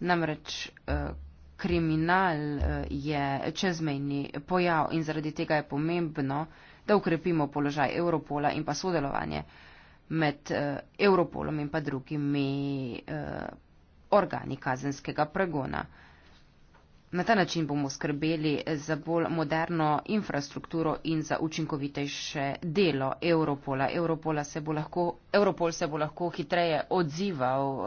Namreč, kriminal eh, je čezmejni pojav in zaradi tega je pomembno, da ukrepimo položaj Europola in pa sodelovanje med eh, Europolom in pa drugimi eh, organi kazenskega pregona. Na ta način bomo skrbeli za bolj moderno infrastrukturo in za učinkovitejše delo Europola. Europol se bo lahko hitreje odzival uh,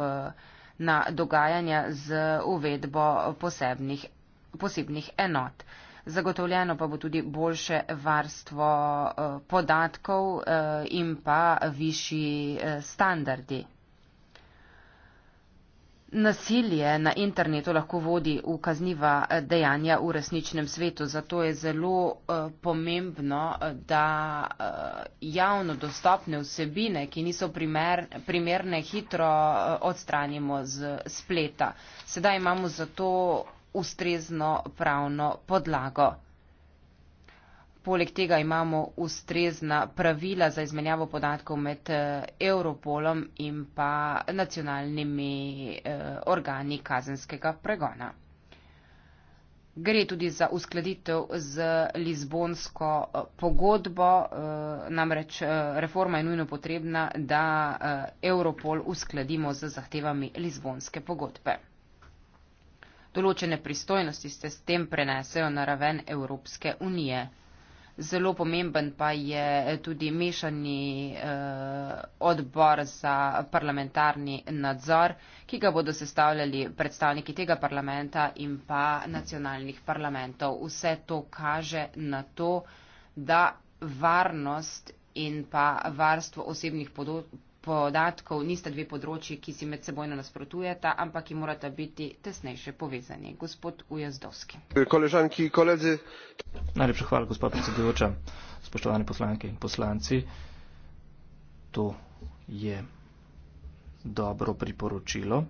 na dogajanja z uvedbo posebnih, posebnih enot. Zagotovljeno pa bo tudi boljše varstvo eh, podatkov eh, in pa višji eh, standardi. Nasilje na internetu lahko vodi v kazniva eh, dejanja v resničnem svetu, zato je zelo eh, pomembno, eh, da javno dostopne vsebine, ki niso primer, primerne, hitro odstranimo z spleta. Sedaj imamo za to ustrezno pravno podlago. Poleg tega imamo ustrezna pravila za izmenjavo podatkov med eh, Europolom in pa nacionalnimi eh, organi kazenskega pregona. Gre tudi za uskladitev z Lizbonsko eh, pogodbo, namreč reforma je nujno potrebna, da Europol uskladimo z zahtevami Lizbonske pogodbe. Določene pristojnosti se s tem prenesejo na raven Evropske unije. Zelo pomemben pa je tudi mešani eh, odbor za parlamentarni nadzor, ki ga bodo sestavljali predstavniki tega parlamenta in pa nacionalnih parlamentov. Vse to kaže na to, da varnost in pa varstvo osebnih podatkov podatkov nista dve področji, ki si med seboj nasprotujeta, ampak ki morata biti tesnejše povezani. Gospod Ujazdovski. Koležanki, koledzi. Najlepša hvala, gospod predsedujoča. Spoštovani poslanke in poslanci, to je dobro priporočilo.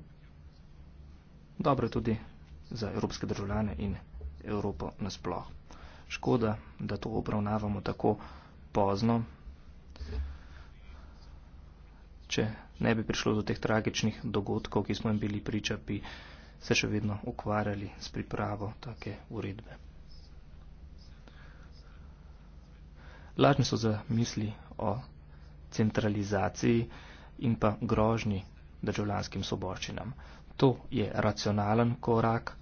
Dobro je tudi za evropske državljane in Evropo nasploh. Škoda, da to obravnavamo tako pozno, če ne bi prišlo do teh tragičnih dogodkov, ki smo jim bili priča, bi se še vedno ukvarjali s pripravo take uredbe. Lažni so za misli o centralizaciji in pa grožnji državljanskim soboščinam. To je racionalen korak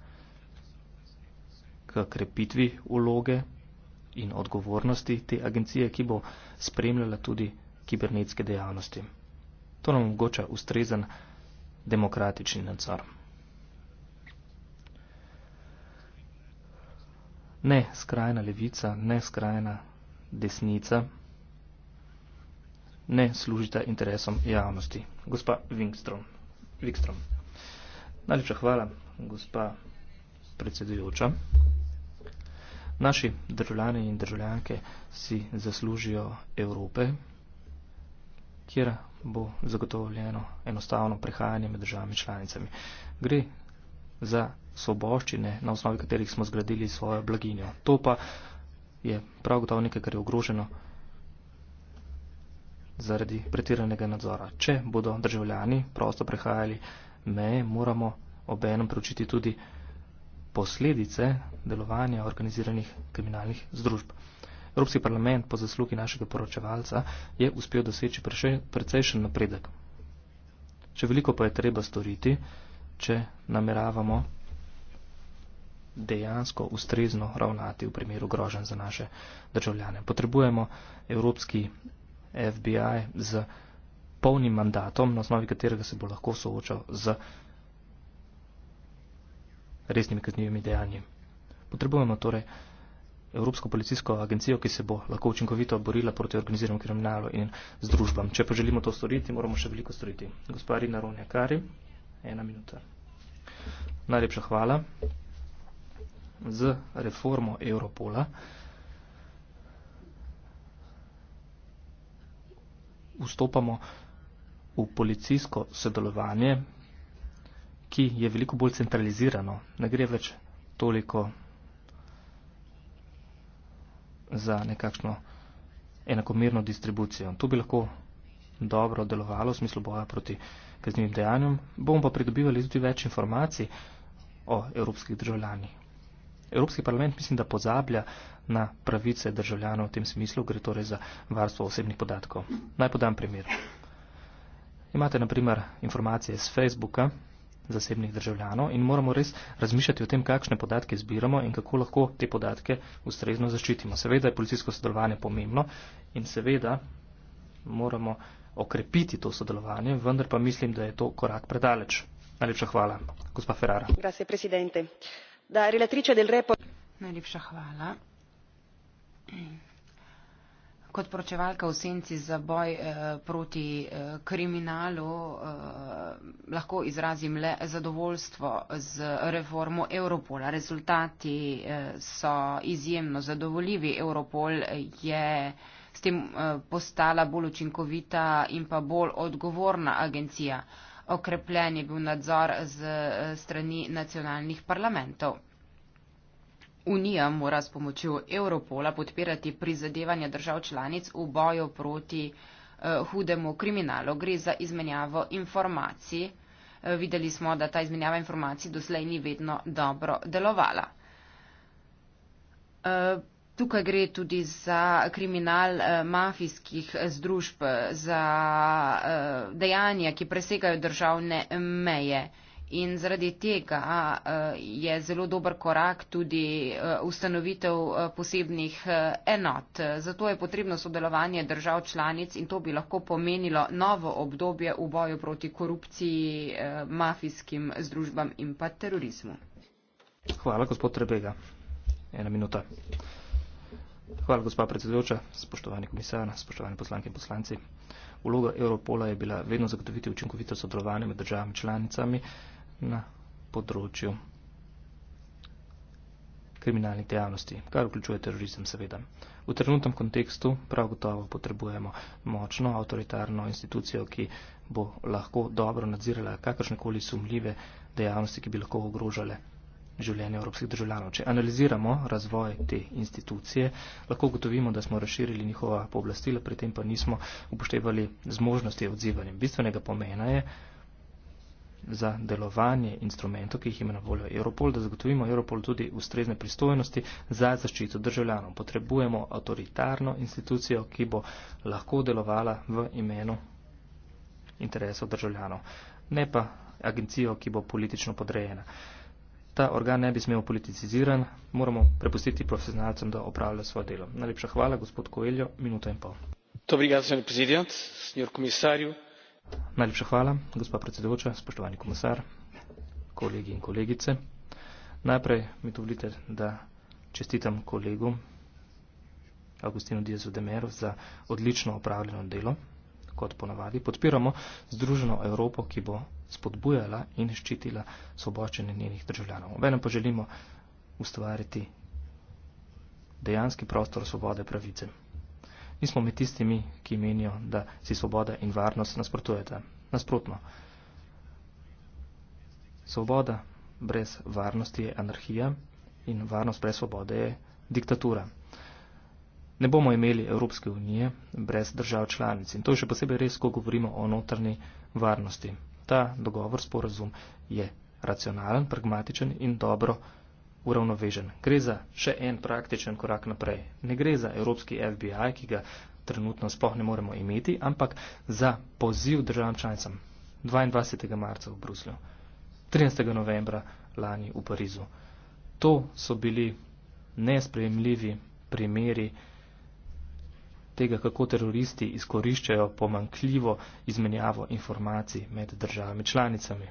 k krepitvi uloge in odgovornosti te agencije, ki bo spremljala tudi kibernetske dejavnosti. To nam omogoča ustrezen demokratični nadzor. Ne skrajna levica, ne skrajna desnica, ne služita interesom javnosti. Gospa Wingstrom. Wingstrom. Najlepša hvala, gospa predsedujoča. Naši državljani in državljanke si zaslužijo Evrope, kjer bo zagotovljeno enostavno prehajanje med državami članicami. Gre za soboščine, na osnovi katerih smo zgradili svojo blaginjo. To pa je prav gotovo nekaj, kar je ogroženo zaradi pretiranega nadzora. Če bodo državljani prosto prehajali meje, moramo obenem preučiti tudi posledice delovanja organiziranih kriminalnih združb. Evropski parlament po zaslugi našega poročevalca je uspel doseči precejšen napredek. Če veliko pa je treba storiti, če nameravamo dejansko ustrezno ravnati v primeru grožen za naše državljane. Potrebujemo Evropski FBI z polnim mandatom, na osnovi katerega se bo lahko soočal z resnimi kaznjivimi dejanji. Potrebujemo torej Evropsko policijsko agencijo, ki se bo lahko učinkovito borila proti organiziranemu kriminalu in združbam. Če pa želimo to storiti, moramo še veliko storiti. Gospa Rina Ronja Kari, ena minuta. Najlepša hvala. Z reformo Europola vstopamo v policijsko sodelovanje, ki je veliko bolj centralizirano. Ne gre več toliko za nekakšno enakomerno distribucijo. To bi lahko dobro delovalo v smislu boja proti kaznjivim dejanjem. Bomo pa pridobivali tudi več informacij o evropskih državljanih. Evropski parlament mislim, da pozablja na pravice državljanov v tem smislu, gre torej za varstvo osebnih podatkov. Naj podam primer. Imate naprimer informacije z Facebooka, zasebnih državljanov in moramo res razmišljati o tem, kakšne podatke zbiramo in kako lahko te podatke ustrezno zaščitimo. Seveda je policijsko sodelovanje pomembno in seveda moramo okrepiti to sodelovanje, vendar pa mislim, da je to korak predaleč. Najlepša hvala, gospa Ferrara. Najlepša hvala kot pročevalka v senci za boj eh, proti eh, kriminalu eh, lahko izrazim le zadovoljstvo z reformo Europola. Rezultati eh, so izjemno zadovoljivi. Europol je s tem eh, postala bolj učinkovita in pa bolj odgovorna agencija. Okrepljen je bil nadzor z, z eh, strani nacionalnih parlamentov. Unija mora s pomočjo Europola podpirati prizadevanja držav članic v boju proti uh, hudemu kriminalu. Gre za izmenjavo informacij. Uh, videli smo, da ta izmenjava informacij doslej ni vedno dobro delovala. Uh, tukaj gre tudi za kriminal uh, mafijskih združb, za uh, dejanja, ki presegajo državne meje. Uh, In zaradi tega e, je zelo dober korak tudi e, ustanovitev e, posebnih enot. Zato je potrebno sodelovanje držav članic in to bi lahko pomenilo novo obdobje v boju proti korupciji, mafijskim združbam in pa terorizmu. Hvala, gospod Trebega. Ena minuta. Hvala, gospa predsedujoča, spoštovani komisar, spoštovani poslanke in poslanci. Vloga Europola je bila vedno zagotoviti učinkovito sodelovanje med državami članicami na področju kriminalnih dejavnosti, kar vključuje terorizem seveda. V trenutnem kontekstu prav gotovo potrebujemo močno avtoritarno institucijo, ki bo lahko dobro nadzirala kakršnekoli sumljive dejavnosti, ki bi lahko ogrožale življenje evropskih državljanov. Če analiziramo razvoj te institucije, lahko ugotovimo, da smo razširili njihova pooblastila, pri tem pa nismo upoštevali zmožnosti odzivanja. Bistvenega pomena je, za delovanje instrumentov, ki jih ima na voljo Europol, da zagotovimo Europol tudi ustrezne pristojnosti za zaščito državljanov. Potrebujemo avtoritarno institucijo, ki bo lahko delovala v imenu interesov državljanov, ne pa agencijo, ki bo politično podrejena. Ta organ ne bi smel politiziziran, moramo prepustiti profesionalcem, da opravlja svoje delo. Najlepša hvala, gospod Koeljo, minuto in pol. Dobrý deň, pán prezident, pán komisár. Najlepša hvala, gospa predsedujoča, spoštovani komisar, kolegi in kolegice. Najprej mi dovolite, da čestitam kolegu Agustinu Diazu Demeru za odlično opravljeno delo, kot ponavadi. Podpiramo združeno Evropo, ki bo spodbujala in ščitila svoboščenje njenih državljanov. Vene pa želimo ustvariti dejanski prostor svobode pravice nismo med tistimi, ki menijo, da si svoboda in varnost nasprotujete. Nasprotno. Svoboda brez varnosti je anarhija in varnost brez svobode je diktatura. Ne bomo imeli Evropske unije brez držav članic in to je še posebej res, ko govorimo o notrni varnosti. Ta dogovor, sporazum je racionalen, pragmatičen in dobro uravnovežen. Gre za še en praktičen korak naprej. Ne gre za evropski FBI, ki ga trenutno sploh ne moremo imeti, ampak za poziv državam članicam 22. marca v Bruslju, 13. novembra lani v Parizu. To so bili nesprejemljivi primeri tega, kako teroristi izkoriščajo pomankljivo izmenjavo informacij med državami članicami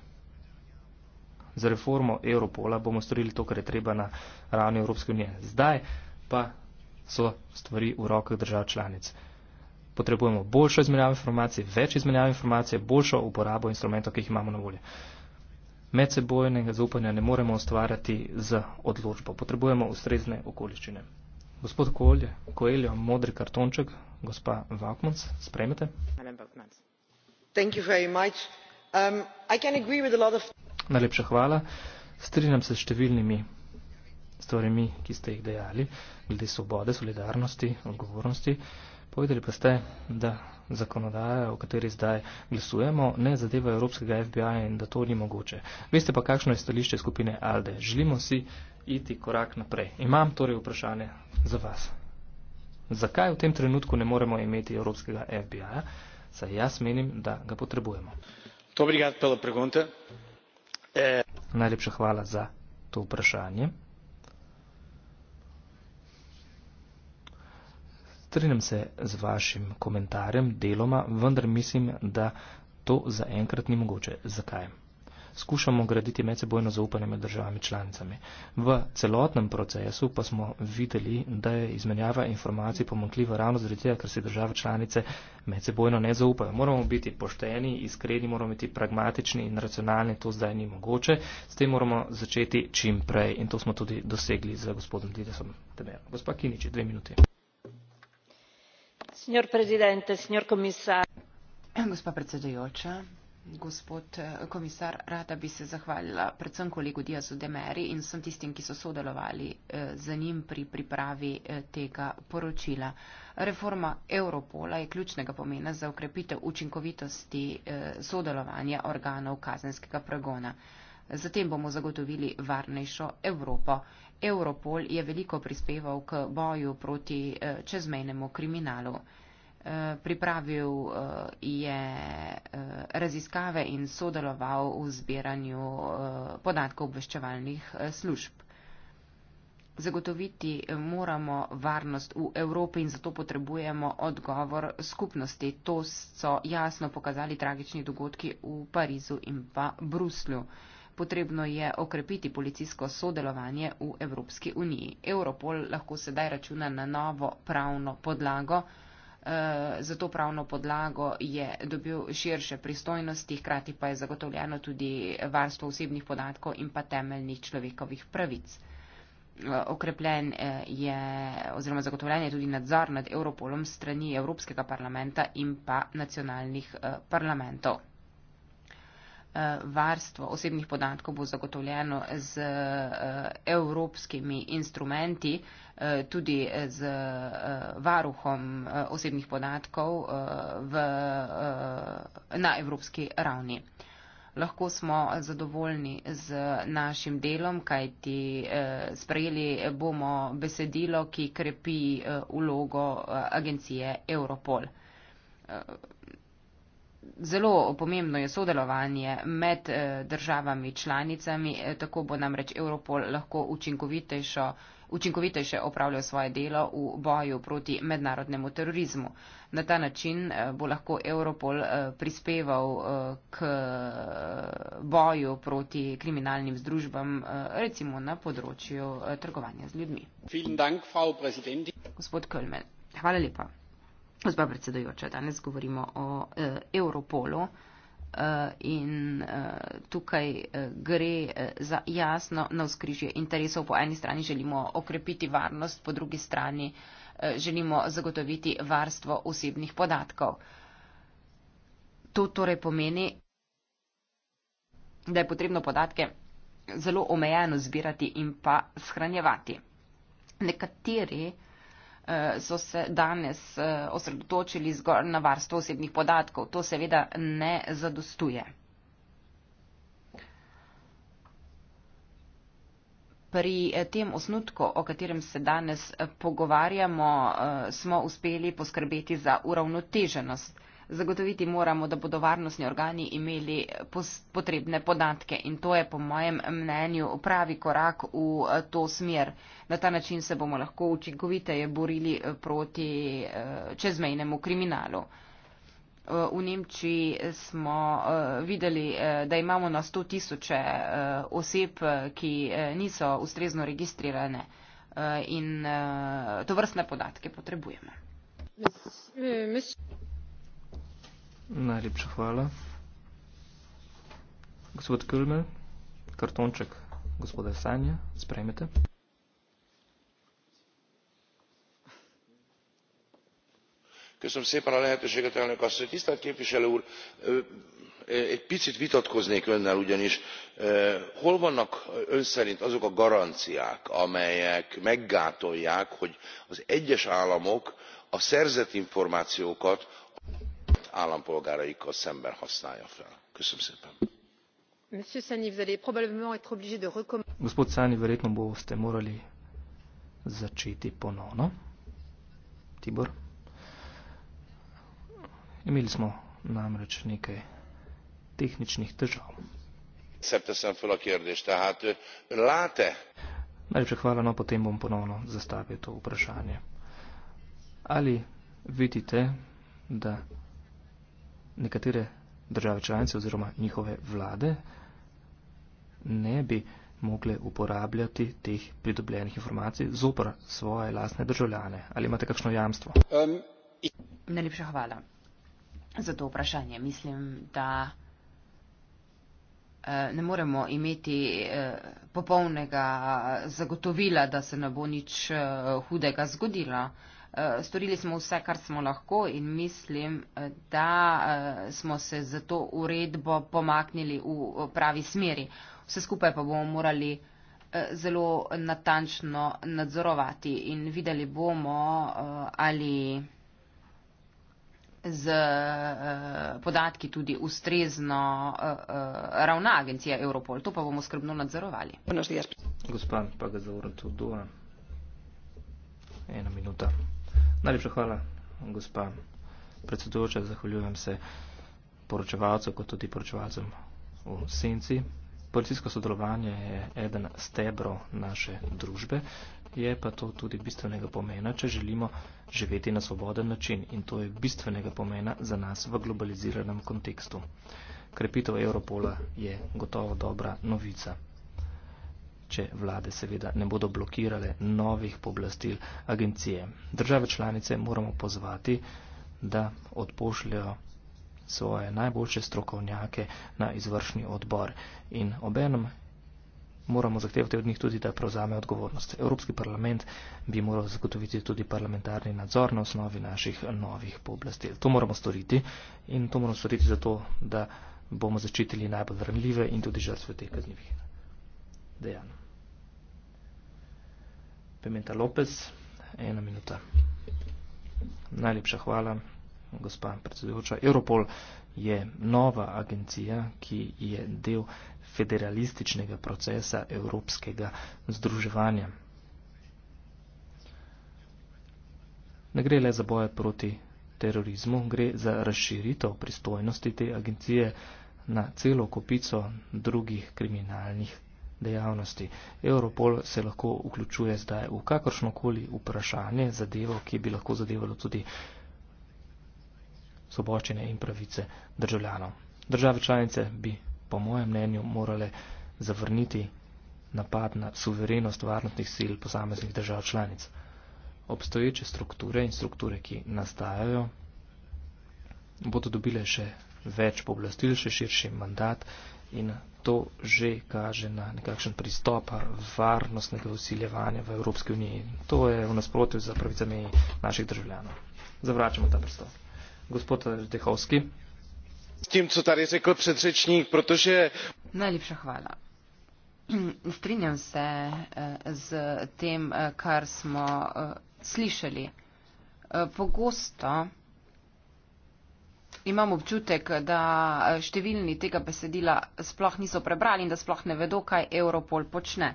z reformo Europola bomo storili to, kar je treba na ravni Evropske unije. Zdaj pa so stvari v rokah držav članic. Potrebujemo boljšo izmenjavo informacij, več izmenjave informacij, boljšo uporabo instrumentov, ki jih imamo na voljo. Medsebojnega zaupanja ne moremo ustvarjati z odločbo. Potrebujemo ustrezne okoliščine. Gospod Kolje, Koeljo, modri kartonček, gospa Valkmans, sprejmete. Thank you very much. Um, I can agree with a lot of... Najlepša hvala. Strinjam se s številnimi stvarimi, ki ste jih dejali, glede svobode, solidarnosti, odgovornosti. Povedali pa ste, da zakonodaje, o kateri zdaj glasujemo, ne zadeva Evropskega FBI in da to ni mogoče. Veste pa, kakšno je stališče skupine ALDE. Želimo si iti korak naprej. Imam torej vprašanje za vas. Zakaj v tem trenutku ne moremo imeti Evropskega FBI, saj jaz menim, da ga potrebujemo? Obrigado pela pergunta. Najlepša hvala za to vprašanje. Strinjam se z vašim komentarjem deloma, vendar mislim, da to zaenkrat ni mogoče. Zakaj? skušamo graditi medsebojno zaupanje med državami članicami. V celotnem procesu pa smo videli, da je izmenjava informacij pomankljiva ravno zaradi tega, ker se države članice medsebojno ne zaupajo. Moramo biti pošteni, iskreni, moramo biti pragmatični in racionalni, to zdaj ni mogoče. S tem moramo začeti čim prej in to smo tudi dosegli z gospodom Didesom Temerom. Gospa Kinič, dve minuti. Gospa predsedujoča, Gospod eh, komisar, rada bi se zahvalila predvsem kolegu Diazu Demeri in vsem tistim, ki so sodelovali eh, z njim pri pripravi eh, tega poročila. Reforma Europola je ključnega pomena za ukrepitev učinkovitosti sodelovanja organov kazenskega pregona. Zatem bomo zagotovili varnejšo Evropo. Europol je veliko prispeval k boju proti čezmejnemu kriminalu pripravil eh, je eh, raziskave in sodeloval v zbiranju eh, podatkov obveščevalnih služb. Zagotoviti moramo varnost v Evropi in zato potrebujemo odgovor skupnosti. To so jasno pokazali tragični dogodki v Parizu in pa Bruslju. Potrebno je okrepiti policijsko sodelovanje v Evropski uniji. Europol lahko sedaj računa na novo pravno podlago. Eh, za to pravno podlago je dobil širše pristojnosti, hkrati pa je zagotovljeno tudi varstvo osebnih podatkov in pa temeljnih človekovih pravic. Eh, okrepljen eh, je oziroma zagotovljen je tudi nadzor nad Europolom strani Evropskega parlamenta in pa nacionalnih parlamentov. Eh, varstvo osebnih podatkov bo zagotovljeno z eh, evropskimi instrumenti, eh, tudi z varuhom osebnih podatkov v, na evropski ravni. Lahko smo zadovoljni z našim delom, kajti sprejeli bomo besedilo, ki krepi ulogo agencije Europol. Zelo pomembno je sodelovanje med eh, državami članicami, eh, tako bo namreč Europol lahko učinkovitejšo, učinkovitejše opravljal svoje delo v boju proti mednarodnemu terorizmu. Na ta način eh, bo lahko Europol prispeval k boju proti kriminalnim združbam, recimo na področju trgovanja z ljudmi. Dank, Gospod Kölmel, hvala lepa. Gospa predsedujoča, danes govorimo o eh, Europolu eh, in eh, tukaj eh, gre eh, za jasno na vzkrižje interesov. Po eni strani želimo okrepiti varnost, po drugi strani eh, želimo zagotoviti varstvo osebnih podatkov. To torej pomeni, da je potrebno podatke zelo omejeno zbirati in pa shranjevati. Nekateri so se danes eh, osredotočili zgolj na varstvo osebnih podatkov. To seveda ne zadostuje. Pri eh, tem osnutku, o katerem se danes eh, pogovarjamo, smo uspeli poskrbeti za uravnoteženost zagotoviti moramo, da bodo varnostni organi imeli potrebne podatke in to je po mojem mnenju pravi korak v to smer. Na ta način se bomo lahko učinkoviteje borili eh, proti eh, čezmejnemu kriminalu. Eh, v Nemčiji smo videli, da imamo na 100 tisoče oseb, ki niso ustrezno registrirane in to vrstne podatke potrebujemo. Monsieur. Najlepša hvala. Gospod Kölmel, kartonček gospoda Sanja, sprejmete. Ker sem szépen a lehetőséget elnök asszony, tisztelt képviselő úr, egy picit vitatkoznék önnel ugyanis, hol vannak ön szerint azok a garanciák, amelyek meggátolják, hogy az egyes államok a szerzett információkat állampolgáraikkal szemben használja fel. köszönöm szépen. monsieur szanyi vous allez probablement être obligé de recommencer. gospod szanyi verjetno boste morali začeti ponovno. tibor. imeli smo namreč nekaj tehničnih težav. szerteszem föl a kérdést, tehát ön lát-e? Najlepša hvala, no potem bom ponovno zastavil to vprašanje. Ali vidite, da nekatere države članice oziroma njihove vlade ne bi mogle uporabljati teh pridobljenih informacij zopr svoje lastne državljane. Ali imate kakšno jamstvo? Um, in... Najlepša hvala za to vprašanje. Mislim, da eh, ne moremo imeti eh, popolnega zagotovila, da se ne bo nič eh, hudega zgodilo. Eh, storili smo vse, kar smo lahko in mislim, eh, da eh, smo se za to uredbo pomaknili v pravi smeri. Vse skupaj pa bomo morali zelo natančno nadzorovati in videli bomo, ali z podatki tudi ustrezno ravna agencija Europol. To pa bomo skrbno nadzorovali. Gospod, pa ga zavrnem tudi. Ena minuta. Najlepša hvala, gospa predsedujoča. Zahvaljujem se poročevalcu, kot tudi poročevalcem v senci. Policijsko sodelovanje je eden stebro naše družbe, je pa to tudi bistvenega pomena, če želimo živeti na svoboden način in to je bistvenega pomena za nas v globaliziranem kontekstu. Krepitev Europola je gotovo dobra novica če vlade seveda ne bodo blokirale novih poblastil agencije. Države članice moramo pozvati, da odpošljajo svoje najboljše strokovnjake na izvršni odbor in obenem moramo zahtevati od njih tudi, da prevzame odgovornost. Evropski parlament bi moral zagotoviti tudi parlamentarni nadzor na osnovi naših novih pooblastil. To moramo storiti in to moramo storiti zato, da bomo zaščitili najbolj ranljive in tudi žrtve teh kaznjivih dejanj. Pimenta Lopez, ena minuta. Najlepša hvala, gospa predsedujoča. Europol je nova agencija, ki je del federalističnega procesa evropskega združevanja. Ne gre le za boje proti terorizmu, gre za razširitev pristojnosti te agencije na celo kopico drugih kriminalnih dejavnosti. Europol se lahko vključuje zdaj v kakršnokoli vprašanje, zadevo, ki bi lahko zadevalo tudi soboščine in pravice državljanov. Države članice bi, po mojem mnenju, morale zavrniti napad na suverenost varnostnih sil posameznih držav članic. Obstoječe strukture in strukture, ki nastajajo, bodo dobile še več pooblastil, še širši mandat in to že kaže na nekakšen pristop varnostnega usiljevanja v Evropski uniji. To je v nasprotju za pravicami naših državljanov. Zavračamo ta pristop. Gospod Dehovski. S tem, co tady rekel predsečnik, protože... Najlepša hvala. Strinjam se eh, z tem, eh, kar smo eh, slišali. Pogosto imam občutek, da eh, številni tega besedila sploh niso prebrali in da sploh ne vedo, kaj Europol počne.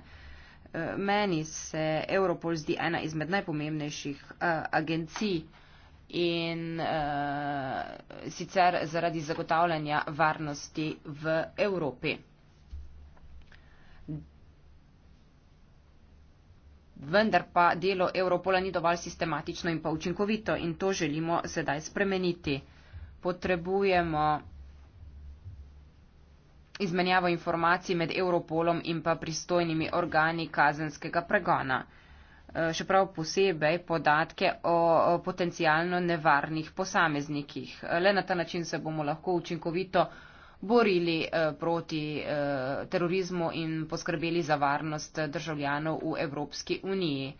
Eh, meni se Europol zdi ena izmed najpomembnejših eh, agencij in sicer zaradi zagotavljanja varnosti v Evropi. Vendar pa delo Europola ni dovolj sistematično in pa učinkovito in to želimo sedaj spremeniti potrebujemo izmenjavo informacij med Europolom in pa pristojnimi organi kazenskega pregona. Eh, še prav posebej podatke o potencijalno nevarnih posameznikih. Eh, le na ta način se bomo lahko učinkovito borili eh, proti terorizmu in poskrbeli za varnost državljanov v Evropski uniji.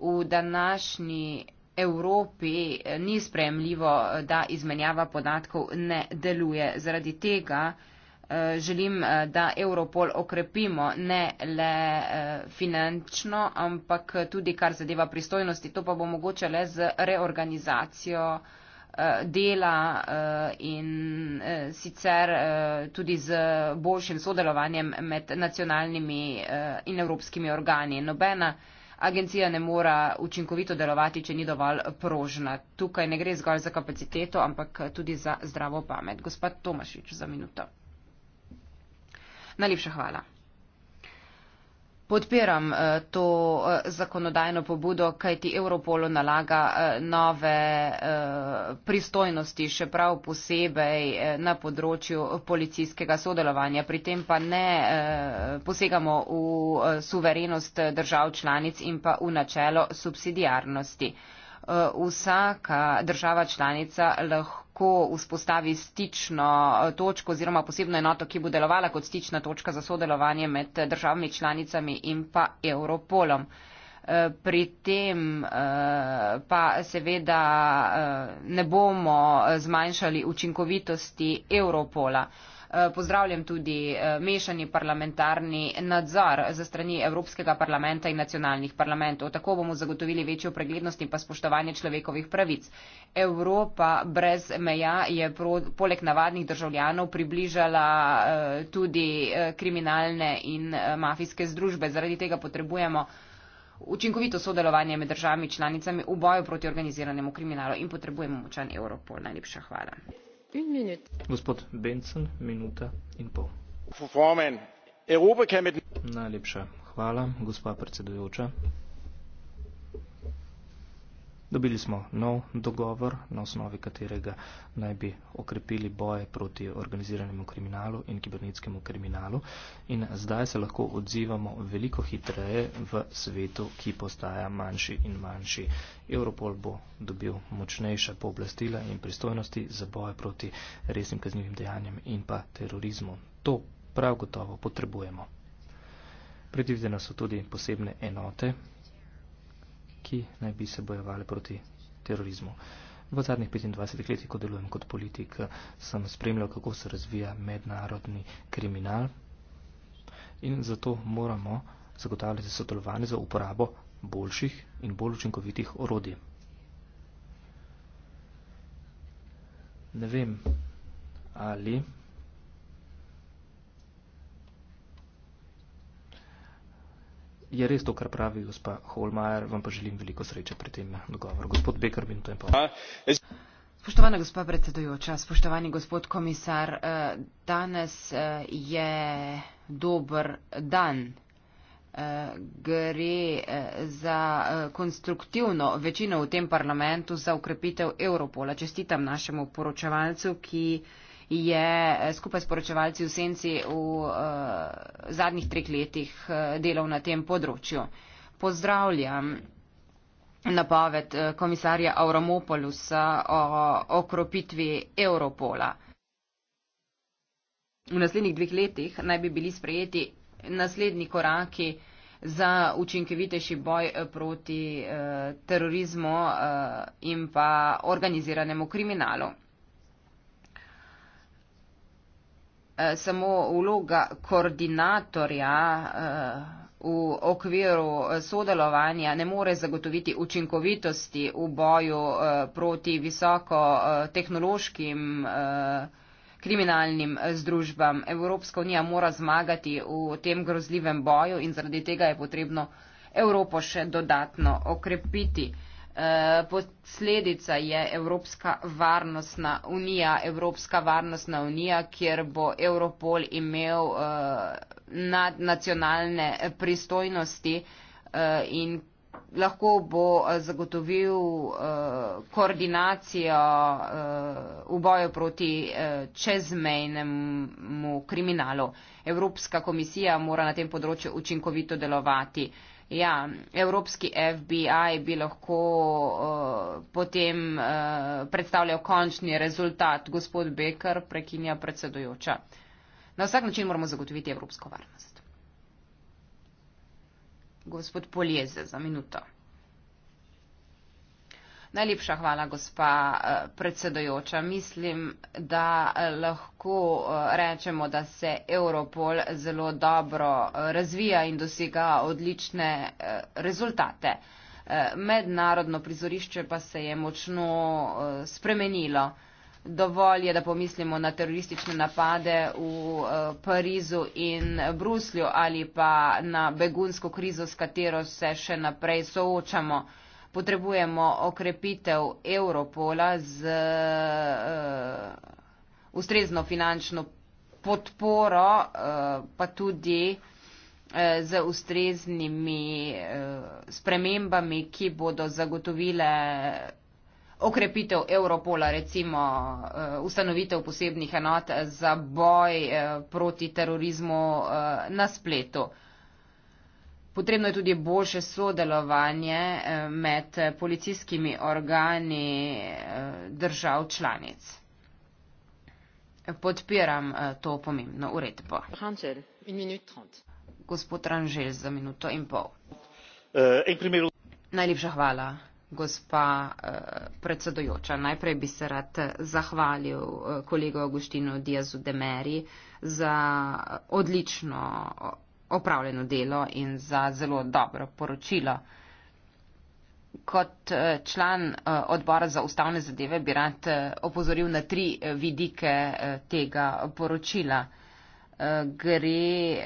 V današnji Evropi eh, ni spremljivo, eh, da izmenjava podatkov ne deluje. Zaradi tega eh, želim, da Europol okrepimo ne le finančno, ampak tudi kar zadeva pristojnosti. To pa bo mogoče le z reorganizacijo dela in sicer tudi z boljšim sodelovanjem med nacionalnimi in evropskimi organi. Nobena agencija ne more učinkovito delovati, če ni dovolj prožna. Tukaj ne gre zgolj za kapaciteto, ampak tudi za zdravo pamet. Gospod Tomašič, za minuto. Najlepša hvala. Podpiram eh, to eh, zakonodajno pobudo, kajti Europolu nalaga eh, nove pristojnosti, še prav posebej na področju policijskega sodelovanja. Pri tem pa ne posegamo v suverenost držav članic in pa v načelo subsidijarnosti. Vsaka država članica lahko lahko vzpostavi stično eh, točko oziroma posebno enoto, ki bo delovala kot stična točka za sodelovanje med državami članicami in pa Europolom. Eh, pri tem eh, pa seveda ne bomo zmanjšali učinkovitosti Europola. Eh, pozdravljam tudi eh, mešani parlamentarni nadzor za strani Evropskega parlamenta in nacionalnih parlamentov. Tako bomo zagotovili večjo preglednost in pa spoštovanje človekovih pravic. Evropa brez meja je pro, poleg navadnih državljanov približala eh, tudi kriminalne in mafijske združbe. Zaradi tega potrebujemo učinkovito sodelovanje med državami članicami v boju proti organiziranemu kriminalu in potrebujemo močan Evropol. Najlepša hvala gospod bendtsen minuta in pol. najlepša hvala gospa predsedujoča. Dobili smo nov dogovor, na osnovi katerega naj bi okrepili boje proti organiziranemu kriminalu in kibernetskemu kriminalu. In zdaj se lahko odzivamo veliko hitreje v svetu, ki postaja manjši in manjši. Europol bo dobil močnejše pooblastila in pristojnosti za boje proti resnim kaznjivim dejanjem in pa terorizmu. To prav gotovo potrebujemo. Predvidena so tudi posebne enote, ki naj bi se bojevali proti terorizmu. V zadnjih 25 letih, ko delujem kot politik, sem spremljal, kako se razvija mednarodni kriminal in zato moramo zagotavljati sodelovanje za uporabo boljših in bolj učinkovitih orodij. Ne vem, ali je res to, kar pravi gospa Holmajer, vam pa želim veliko sreče pri tem dogovoru. Gospod Bekar, minuto in pol. Spoštovana gospa predsedujoča, spoštovani gospod komisar, eh, danes eh, je dober dan. Eh, gre za konstruktivno večino v tem parlamentu za ukrepitev Evropola. Čestitam našemu poročevalcu, ki je eh, skupaj s poročevalci v senci v uh, zadnjih treh letih eh, delal na tem področju. Pozdravljam napoved komisarja Auromopolusa o okropitvi Europola. V naslednjih dveh letih naj bi bili sprejeti naslednji koraki za učinkovitejši boj proti eh, terorizmu eh, in pa organiziranemu kriminalu. Eh, samo vloga koordinatorja eh, v okviru eh, sodelovanja ne more zagotoviti učinkovitosti v boju proti visoko tehnološkim kriminalnim združbam. Evropska unija mora zmagati v tem grozljivem boju in zaradi tega je potrebno Evropo še dodatno okrepiti. Eh, posledica je Evropska varnostna unija, Evropska varnostna unija, kjer bo Europol imel eh, nadnacionalne pristojnosti eh, in lahko bo zagotovil koordinacijo v boju proti čezmejnemu kriminalu. Evropska komisija mora na tem področju učinkovito delovati. Ja, Evropski FBI bi lahko uh, potem uh, predstavljal končni rezultat. Gospod Becker prekinja predsedujoča. Na vsak način moramo zagotoviti evropsko varnost. Gospod Polijeze za minuto. Najlepša hvala, gospa eh, predsedojoča. Mislim, da eh, lahko eh, rečemo, da se Europol zelo dobro razvija in dosega odlične rezultate. Mednarodno prizorišče pa se je močno spremenilo. Dovolj je, da pomislimo na teroristične napade v Parizu in Bruslju ali pa na begunsko krizo, s katero se še naprej soočamo potrebujemo okrepitev Europola z uh, ustrezno finančno podporo, uh, pa tudi eh, z ustreznimi spremembami, ki bodo zagotovile okrepitev Europola, recimo ustanovitev posebnih enot za boj proti terorizmu na spletu. Potrebno je tudi boljše sodelovanje eh, med eh, policijskimi organi eh, držav članic. Podpiram to pomembno uredbo. Gospod Ranžel za minuto in pol. Najlepša hvala. Gospa predsedojoča, najprej bi se rad zahvalil kolegu Augustinu Diazu Demeri za odlično opravljeno delo in za zelo dobro poročilo. Kot eh, član eh, odbora za ustavne zadeve bi rad eh, opozoril na tri vidike tega poročila. Gre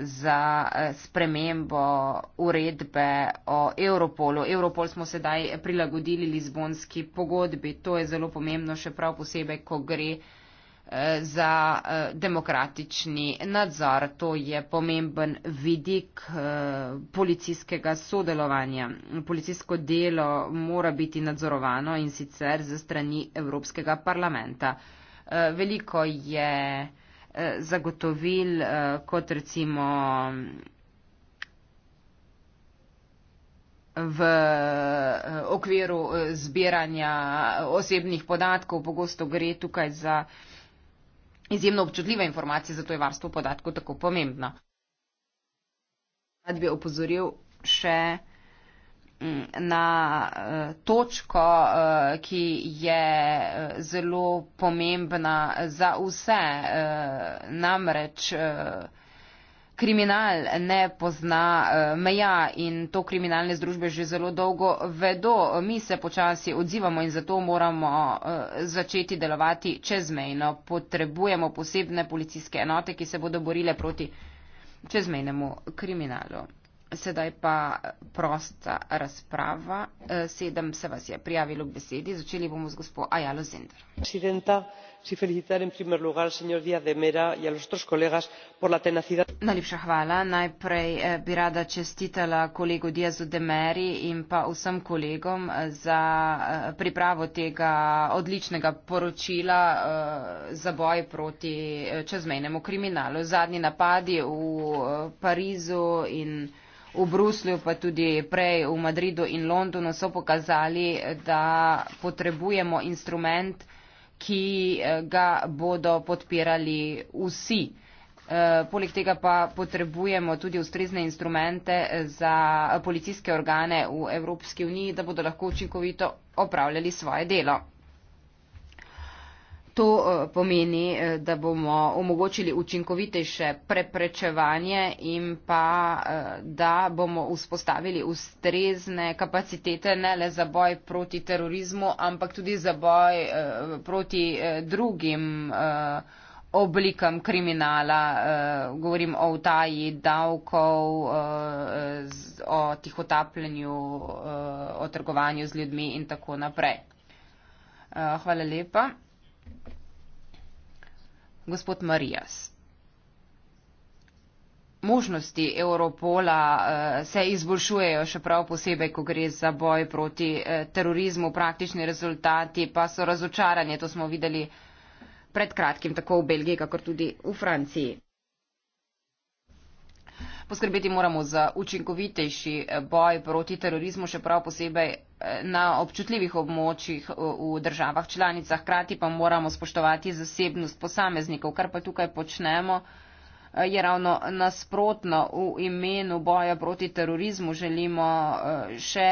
za spremembo uredbe o Europolu. Europol smo sedaj prilagodili Lizbonski pogodbi. To je zelo pomembno, še prav posebej, ko gre Eh, za eh, demokratični nadzor. To je pomemben vidik eh, policijskega sodelovanja. Policijsko delo mora biti nadzorovano in sicer ze strani Evropskega parlamenta. Veliko je zagotovil, kot recimo v okviru zbiranja osebnih podatkov, pogosto gre tukaj za izjemno občutljive informacije, zato je varstvo podatkov tako pomembno. Rad bi opozoril še mm, na eh, točko, eh, ki je eh, zelo pomembna za vse, namreč kriminal ne pozna eh, meja in to kriminalne združbe že zelo dolgo vedo. Mi se počasi odzivamo in zato moramo eh, začeti delovati čezmejno. Potrebujemo posebne policijske enote, ki se bodo borile proti čezmejnemu kriminalu. Sedaj pa prosta razprava. Eh, sedem se vas je prijavilo k besedi. Začeli bomo z gospod Ajalo Zender sí felicitar en primer lugar al señor díaz de mera y a los otros colegas por la tenacidad. Najlepša hvala. Najprej eh, bi rada čestitala kolegu Diazu de Meri in pa vsem kolegom za eh, pripravo tega odličnega poročila eh, za boj proti čezmejnemu kriminalu. Zadnji napadi v Parizu in v Bruslju, pa tudi prej v Madridu in Londonu so pokazali, da potrebujemo instrument, ki eh, ga bodo podpirali vsi. Eh, poleg tega pa potrebujemo tudi ustrezne instrumente eh, za policijske organe v Evropski uniji, da bodo lahko učinkovito opravljali svoje delo to eh, pomeni, eh, da bomo omogočili učinkovitejše preprečevanje in pa eh, da bomo vzpostavili ustrezne kapacitete ne le za boj proti terorizmu, ampak tudi za boj proti drugim oblikam kriminala, govorim o utaji davkov, o tihotapljenju, o trgovanju z ljudmi in tako naprej. Hvala lepa gospod Marijas. Možnosti Europola eh, se izboljšujejo, še prav posebej, ko gre za boj proti eh, terorizmu. Praktični rezultati pa so razočaranje, to smo videli pred kratkim tako v Belgiji, kakor tudi v Franciji. Poskrbeti moramo za učinkovitejši eh, boj proti terorizmu, še prav posebej eh, na občutljivih območjih eh, v državah članicah. Hkrati pa moramo spoštovati zasebnost posameznikov, kar pa tukaj počnemo je ravno nasprotno v imenu boja proti terorizmu želimo še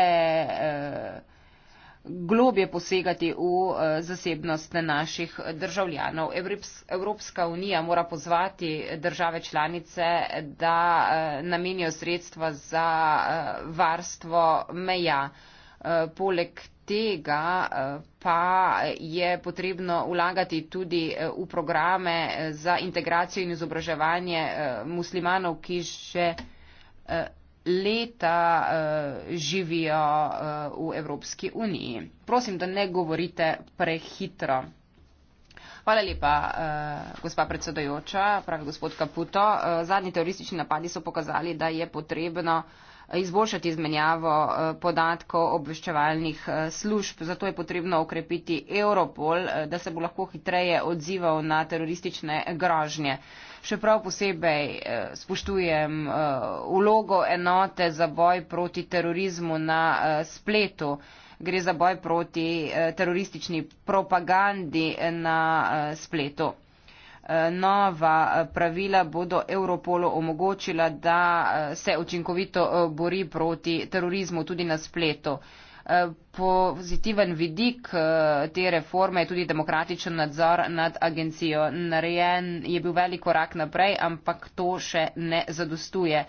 globje posegati v eh, zasebnost naših državljanov. Evropska unija mora pozvati države članice, da eh, namenijo sredstva za eh, varstvo meja. Poleg tega pa je potrebno vlagati tudi v programe za integracijo in izobraževanje muslimanov, ki še leta uh, živijo uh, v Evropski uniji. Prosim, da ne govorite prehitro. Hvala lepa, uh, gospa predsedojoča, pravi gospod Kaputo. Uh, zadnji teroristični napadi so pokazali, da je potrebno uh, izboljšati izmenjavo eh, podatkov obveščevalnih eh, služb. Zato je potrebno okrepiti Europol, eh, da se bo lahko hitreje odzival na teroristične grožnje. Še prav posebej spoštujem vlogo enote za boj proti terorizmu na spletu. Gre za boj proti teroristični propagandi na spletu nova eh, pravila bodo Europolu omogočila, da eh, se učinkovito eh, bori proti terorizmu tudi na spletu. Pozitiven vidik te reforme je tudi demokratičen nadzor nad agencijo. Narejen je bil velik korak naprej, ampak to še ne zadostuje.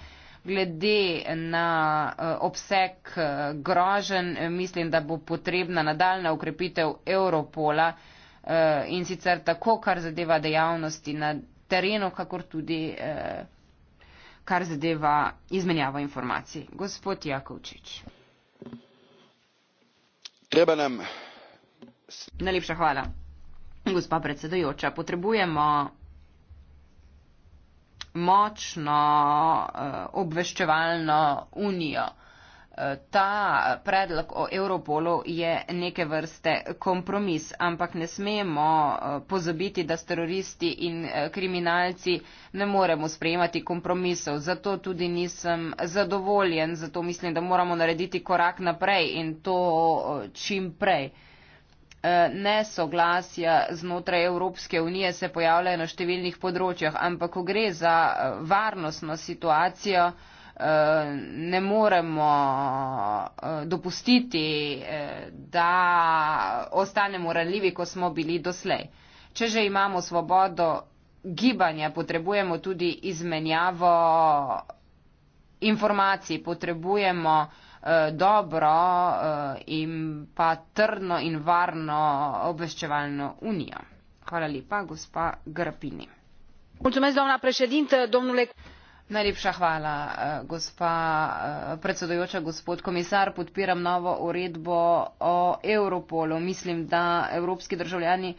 Glede na obseg grožen, mislim, da bo potrebna nadaljna ukrepitev Europola Eh, in sicer tako, kar zadeva dejavnosti na terenu, kakor tudi eh, kar zadeva izmenjavo informacij. Gospod Jakovčič. Treba nam. Najlepša hvala. Gospa predsedojoča, potrebujemo močno uh, obveščevalno unijo ta predlog o Europolu je neke vrste kompromis, ampak ne smemo eh, pozabiti, da s teroristi in eh, kriminalci ne moremo sprejemati kompromisov. Zato tudi nisem zadovoljen, zato mislim, da moramo narediti korak naprej in to eh, čim prej. Nesoglasja znotraj Evropske unije se pojavljajo na številnih področjah, ampak ko gre za varnostno situacijo, ne moremo eh, dopustiti, eh, da ostanemo ranljivi, ko smo bili doslej. Če že imamo svobodo gibanja, potrebujemo tudi izmenjavo informacij, potrebujemo eh, dobro in pa trdno in varno obveščevalno unijo. Hvala lepa, gospa Grpini. Mulțumesc, doamna președintă, domnule. Najlepša hvala, eh, gospa eh, predsedojoča, gospod komisar. Podpiram novo uredbo o Europolu. Mislim, da evropski državljani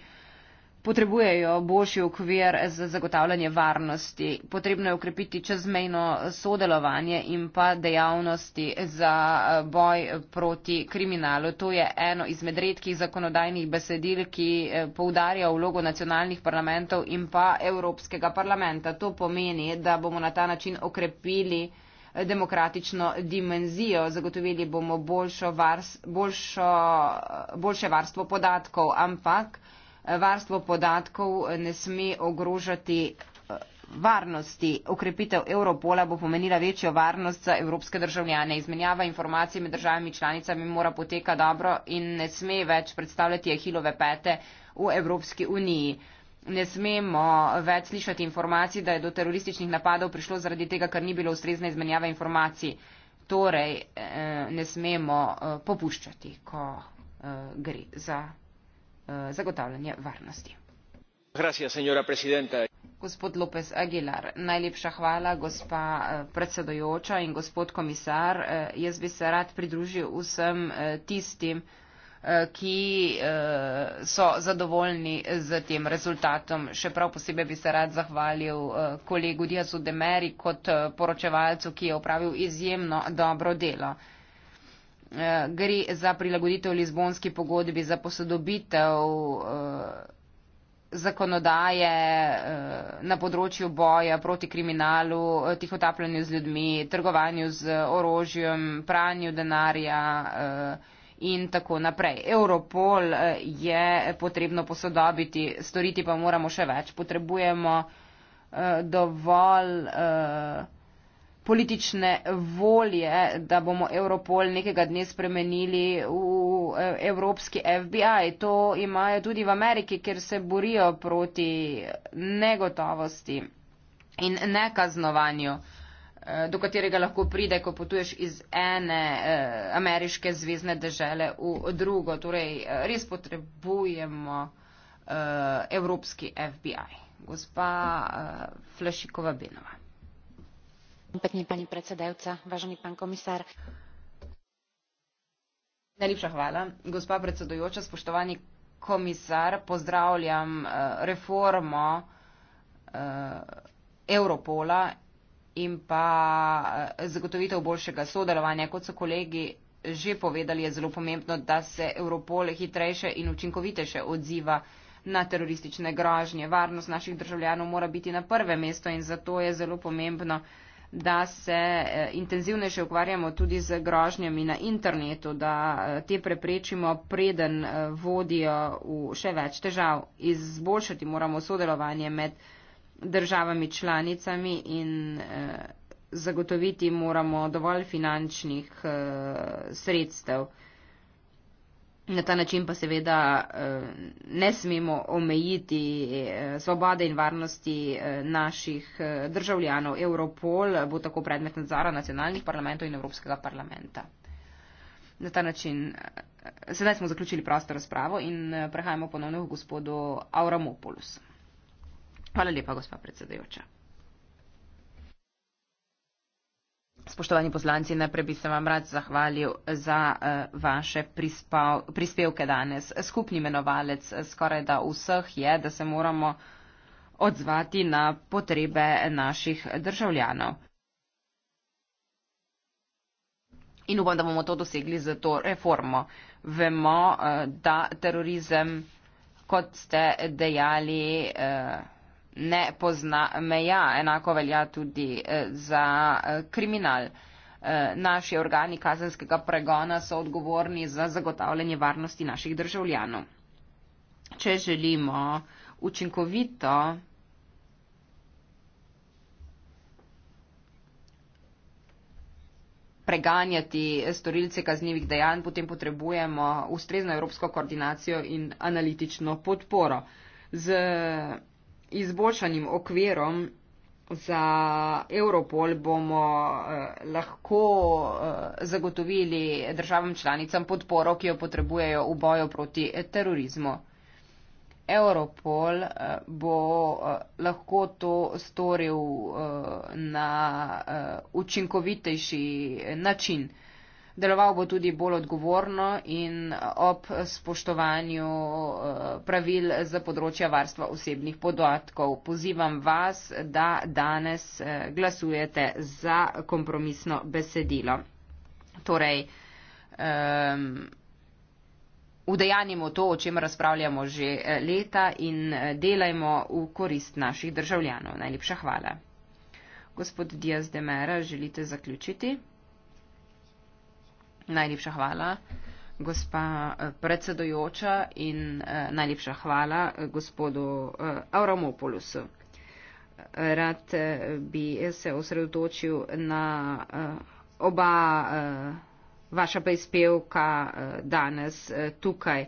potrebujejo boljši okvir za zagotavljanje varnosti. Potrebno je ukrepiti čezmejno sodelovanje in pa dejavnosti za eh, boj proti kriminalu. To je eno izmed redkih zakonodajnih besedil, ki eh, poudarja vlogo nacionalnih parlamentov in pa Evropskega parlamenta. To pomeni, da bomo na ta način okrepili eh, demokratično dimenzijo, zagotovili bomo boljšo varst, boljšo, boljše varstvo podatkov, ampak varstvo podatkov ne sme ogrožati eh, varnosti. Okrepitev Europola bo pomenila večjo varnost za evropske državljane. Izmenjava informacij med državami članicami mora poteka dobro in ne sme več predstavljati ahilove pete v Evropski uniji. Ne smemo več slišati informacij, da je do terorističnih napadov prišlo zaradi tega, ker ni bilo ustrezne izmenjave informacij. Torej, eh, ne smemo eh, popuščati, ko gre za Eh, zagotavljanje varnosti. Gospod Lopez Aguilar, najlepša hvala, gospa eh, predsedojoča in gospod komisar. Eh, jaz bi se rad pridružil vsem tistim, ki so zadovoljni z tem rezultatom. Še prav posebej bi se rad zahvalil kolegu Diazu Demeri kot poročevalcu, ki je opravil izjemno dobro delo. Eh, gre za prilagoditev Lizbonski pogodbi za posodobitev eh, zakonodaje eh, na področju boja proti kriminalu, tihotapljanju z ljudmi, trgovanju z orožjem, pranju denarja in tako naprej. Europol je potrebno posodobiti, storiti pa moramo še več. Potrebujemo dovolj politične volje, da bomo Europol nekega dne spremenili v eh, evropski FBI. To imajo tudi v Ameriki, kjer se borijo proti negotovosti in nekaznovanju, eh, do katerega lahko pride, ko potuješ iz ene eh, ameriške zvezdne dežele v drugo. Torej, res potrebujemo evropski FBI. Gospa Flašikova Benova pani predsedajúca vážený pán komisár najlepša hvala gospa predsedujoča spoštovani komisar pozdravljam eh, reformo eh, europola in pa eh, zagotovitev boljšega sodelovanja kot so kolegi že povedali je zelo pomembno da se europol hitrejše in učinkovitejše odziva na teroristične grožnje varnost naših državljanov mora biti na prvem mestu in zato je zelo pomembno da se eh, intenzivnejše ukvarjamo tudi z grožnjami na internetu, da eh, te preprečimo preden eh, vodijo v še več težav. Izboljšati moramo sodelovanje med državami članicami in zagotoviti moramo dovolj finančnih sredstev. Na ta način pa seveda eh, ne smemo omejiti eh, svobode in varnosti eh, naših državljanov. Europol bo tako predmet nadzora nacionalnih parlamentov in Evropskega parlamenta. Na ta način. Sedaj smo zaključili prosto razpravo in prehajamo ponovno v gospodu Auramopolus. Hvala lepa, gospa predsedajoča. Spoštovani poslanci, najprej bi se vam rad zahvalil za uh, vaše prispav, prispevke danes. Skupni imenovalec eh, skoraj da vseh je, da se moramo odzvati na potrebe naših državljanov. In upam, da bomo to dosegli z to reformo. Vemo, uh, da terorizem, kot ste dejali, uh, ne pozna meja. Enako velja tudi eh, za eh, kriminal. Eh, naši organi kazenskega pregona so odgovorni za zagotavljanje varnosti naših državljanov. Če želimo učinkovito preganjati storilce kaznjivih dejanj, potem potrebujemo ustrezno evropsko koordinacijo in analitično podporo. Z izboljšanim okvirom za Europol bomo eh, lahko eh, zagotovili državam članicam podporo, ki jo potrebujejo v boju proti eh, terorizmu. Europol eh, bo eh, lahko to storil na učinkovitejši način deloval bo tudi bolj odgovorno in eh, ob spoštovanju eh, pravil za področja varstva osebnih podatkov. Pozivam vas, da danes eh, glasujete za kompromisno besedilo. Torej, um, Udejanjimo to, o čem razpravljamo že leta in delajmo v korist naših državljanov. Najlepša hvala. Gospod Diaz de Mera, želite zaključiti? Najlepša hvala, gospa eh, predsedojoča in eh, najlepša hvala eh, gospodu Auramopolusu. Rad bi se osredotočil na oba vaša prispevka danes tukaj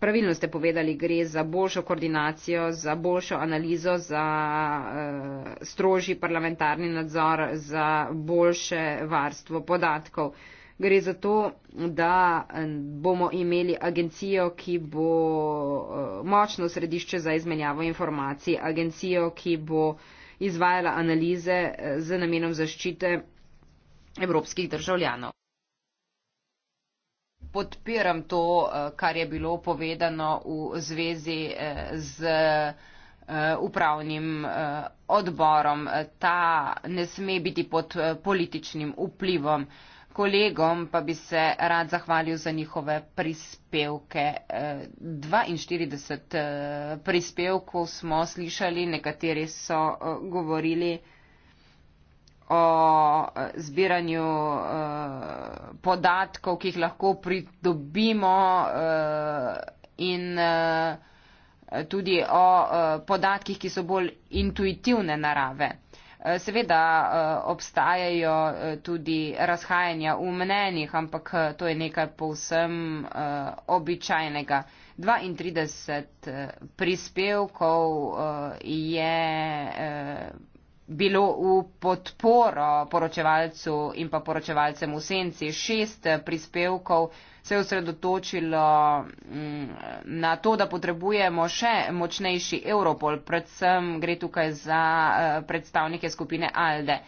pravilno ste povedali, gre za boljšo koordinacijo, za boljšo analizo, za uh, strožji parlamentarni nadzor, za boljše varstvo podatkov. Gre za to, da eh, bomo imeli agencijo, ki bo eh, močno središče za izmenjavo informacij, agencijo, ki bo izvajala analize z namenom zaščite evropskih državljanov podpiram to, eh, kar je bilo povedano v zvezi eh, z eh, upravnim odborom. Ta ne sme biti pod političnim vplivom. Kolegom pa bi se rad zahvalil za njihove prispevke. 42 prispevkov smo slišali, nekateri so govorili o eh, zbiranju eh, podatkov, ki jih lahko pridobimo eh, in tudi o podatkih, ki so bolj intuitivne narave. Seveda obstajajo tudi razhajanja v mnenjih, ampak to je nekaj povsem običajnega. 32 prispevkov je bilo v podporo poročevalcu in pa poročevalcem v senci. Šest prispevkov se je osredotočilo mm, na to, da potrebujemo še močnejši Europol, predvsem gre tukaj za eh, predstavnike skupine Alde.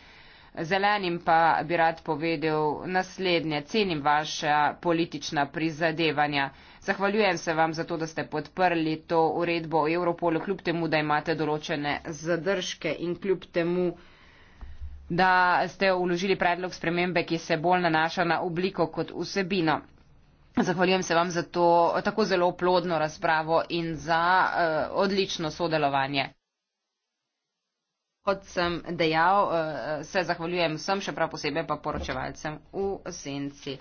Zelenim pa bi rad povedal naslednje, cenim vaša politična prizadevanja. Zahvaljujem se vam za to, da ste podprli to uredbo o Europolu, kljub temu, da imate določene zadržke in kljub temu, da ste uložili predlog spremembe, ki se bolj nanaša na obliko kot vsebino. Zahvaljujem se vam za to tako zelo plodno razpravo in za uh, odlično sodelovanje. Kot sem dejal, uh, se zahvaljujem vsem, še prav posebej pa poročevalcem v senci.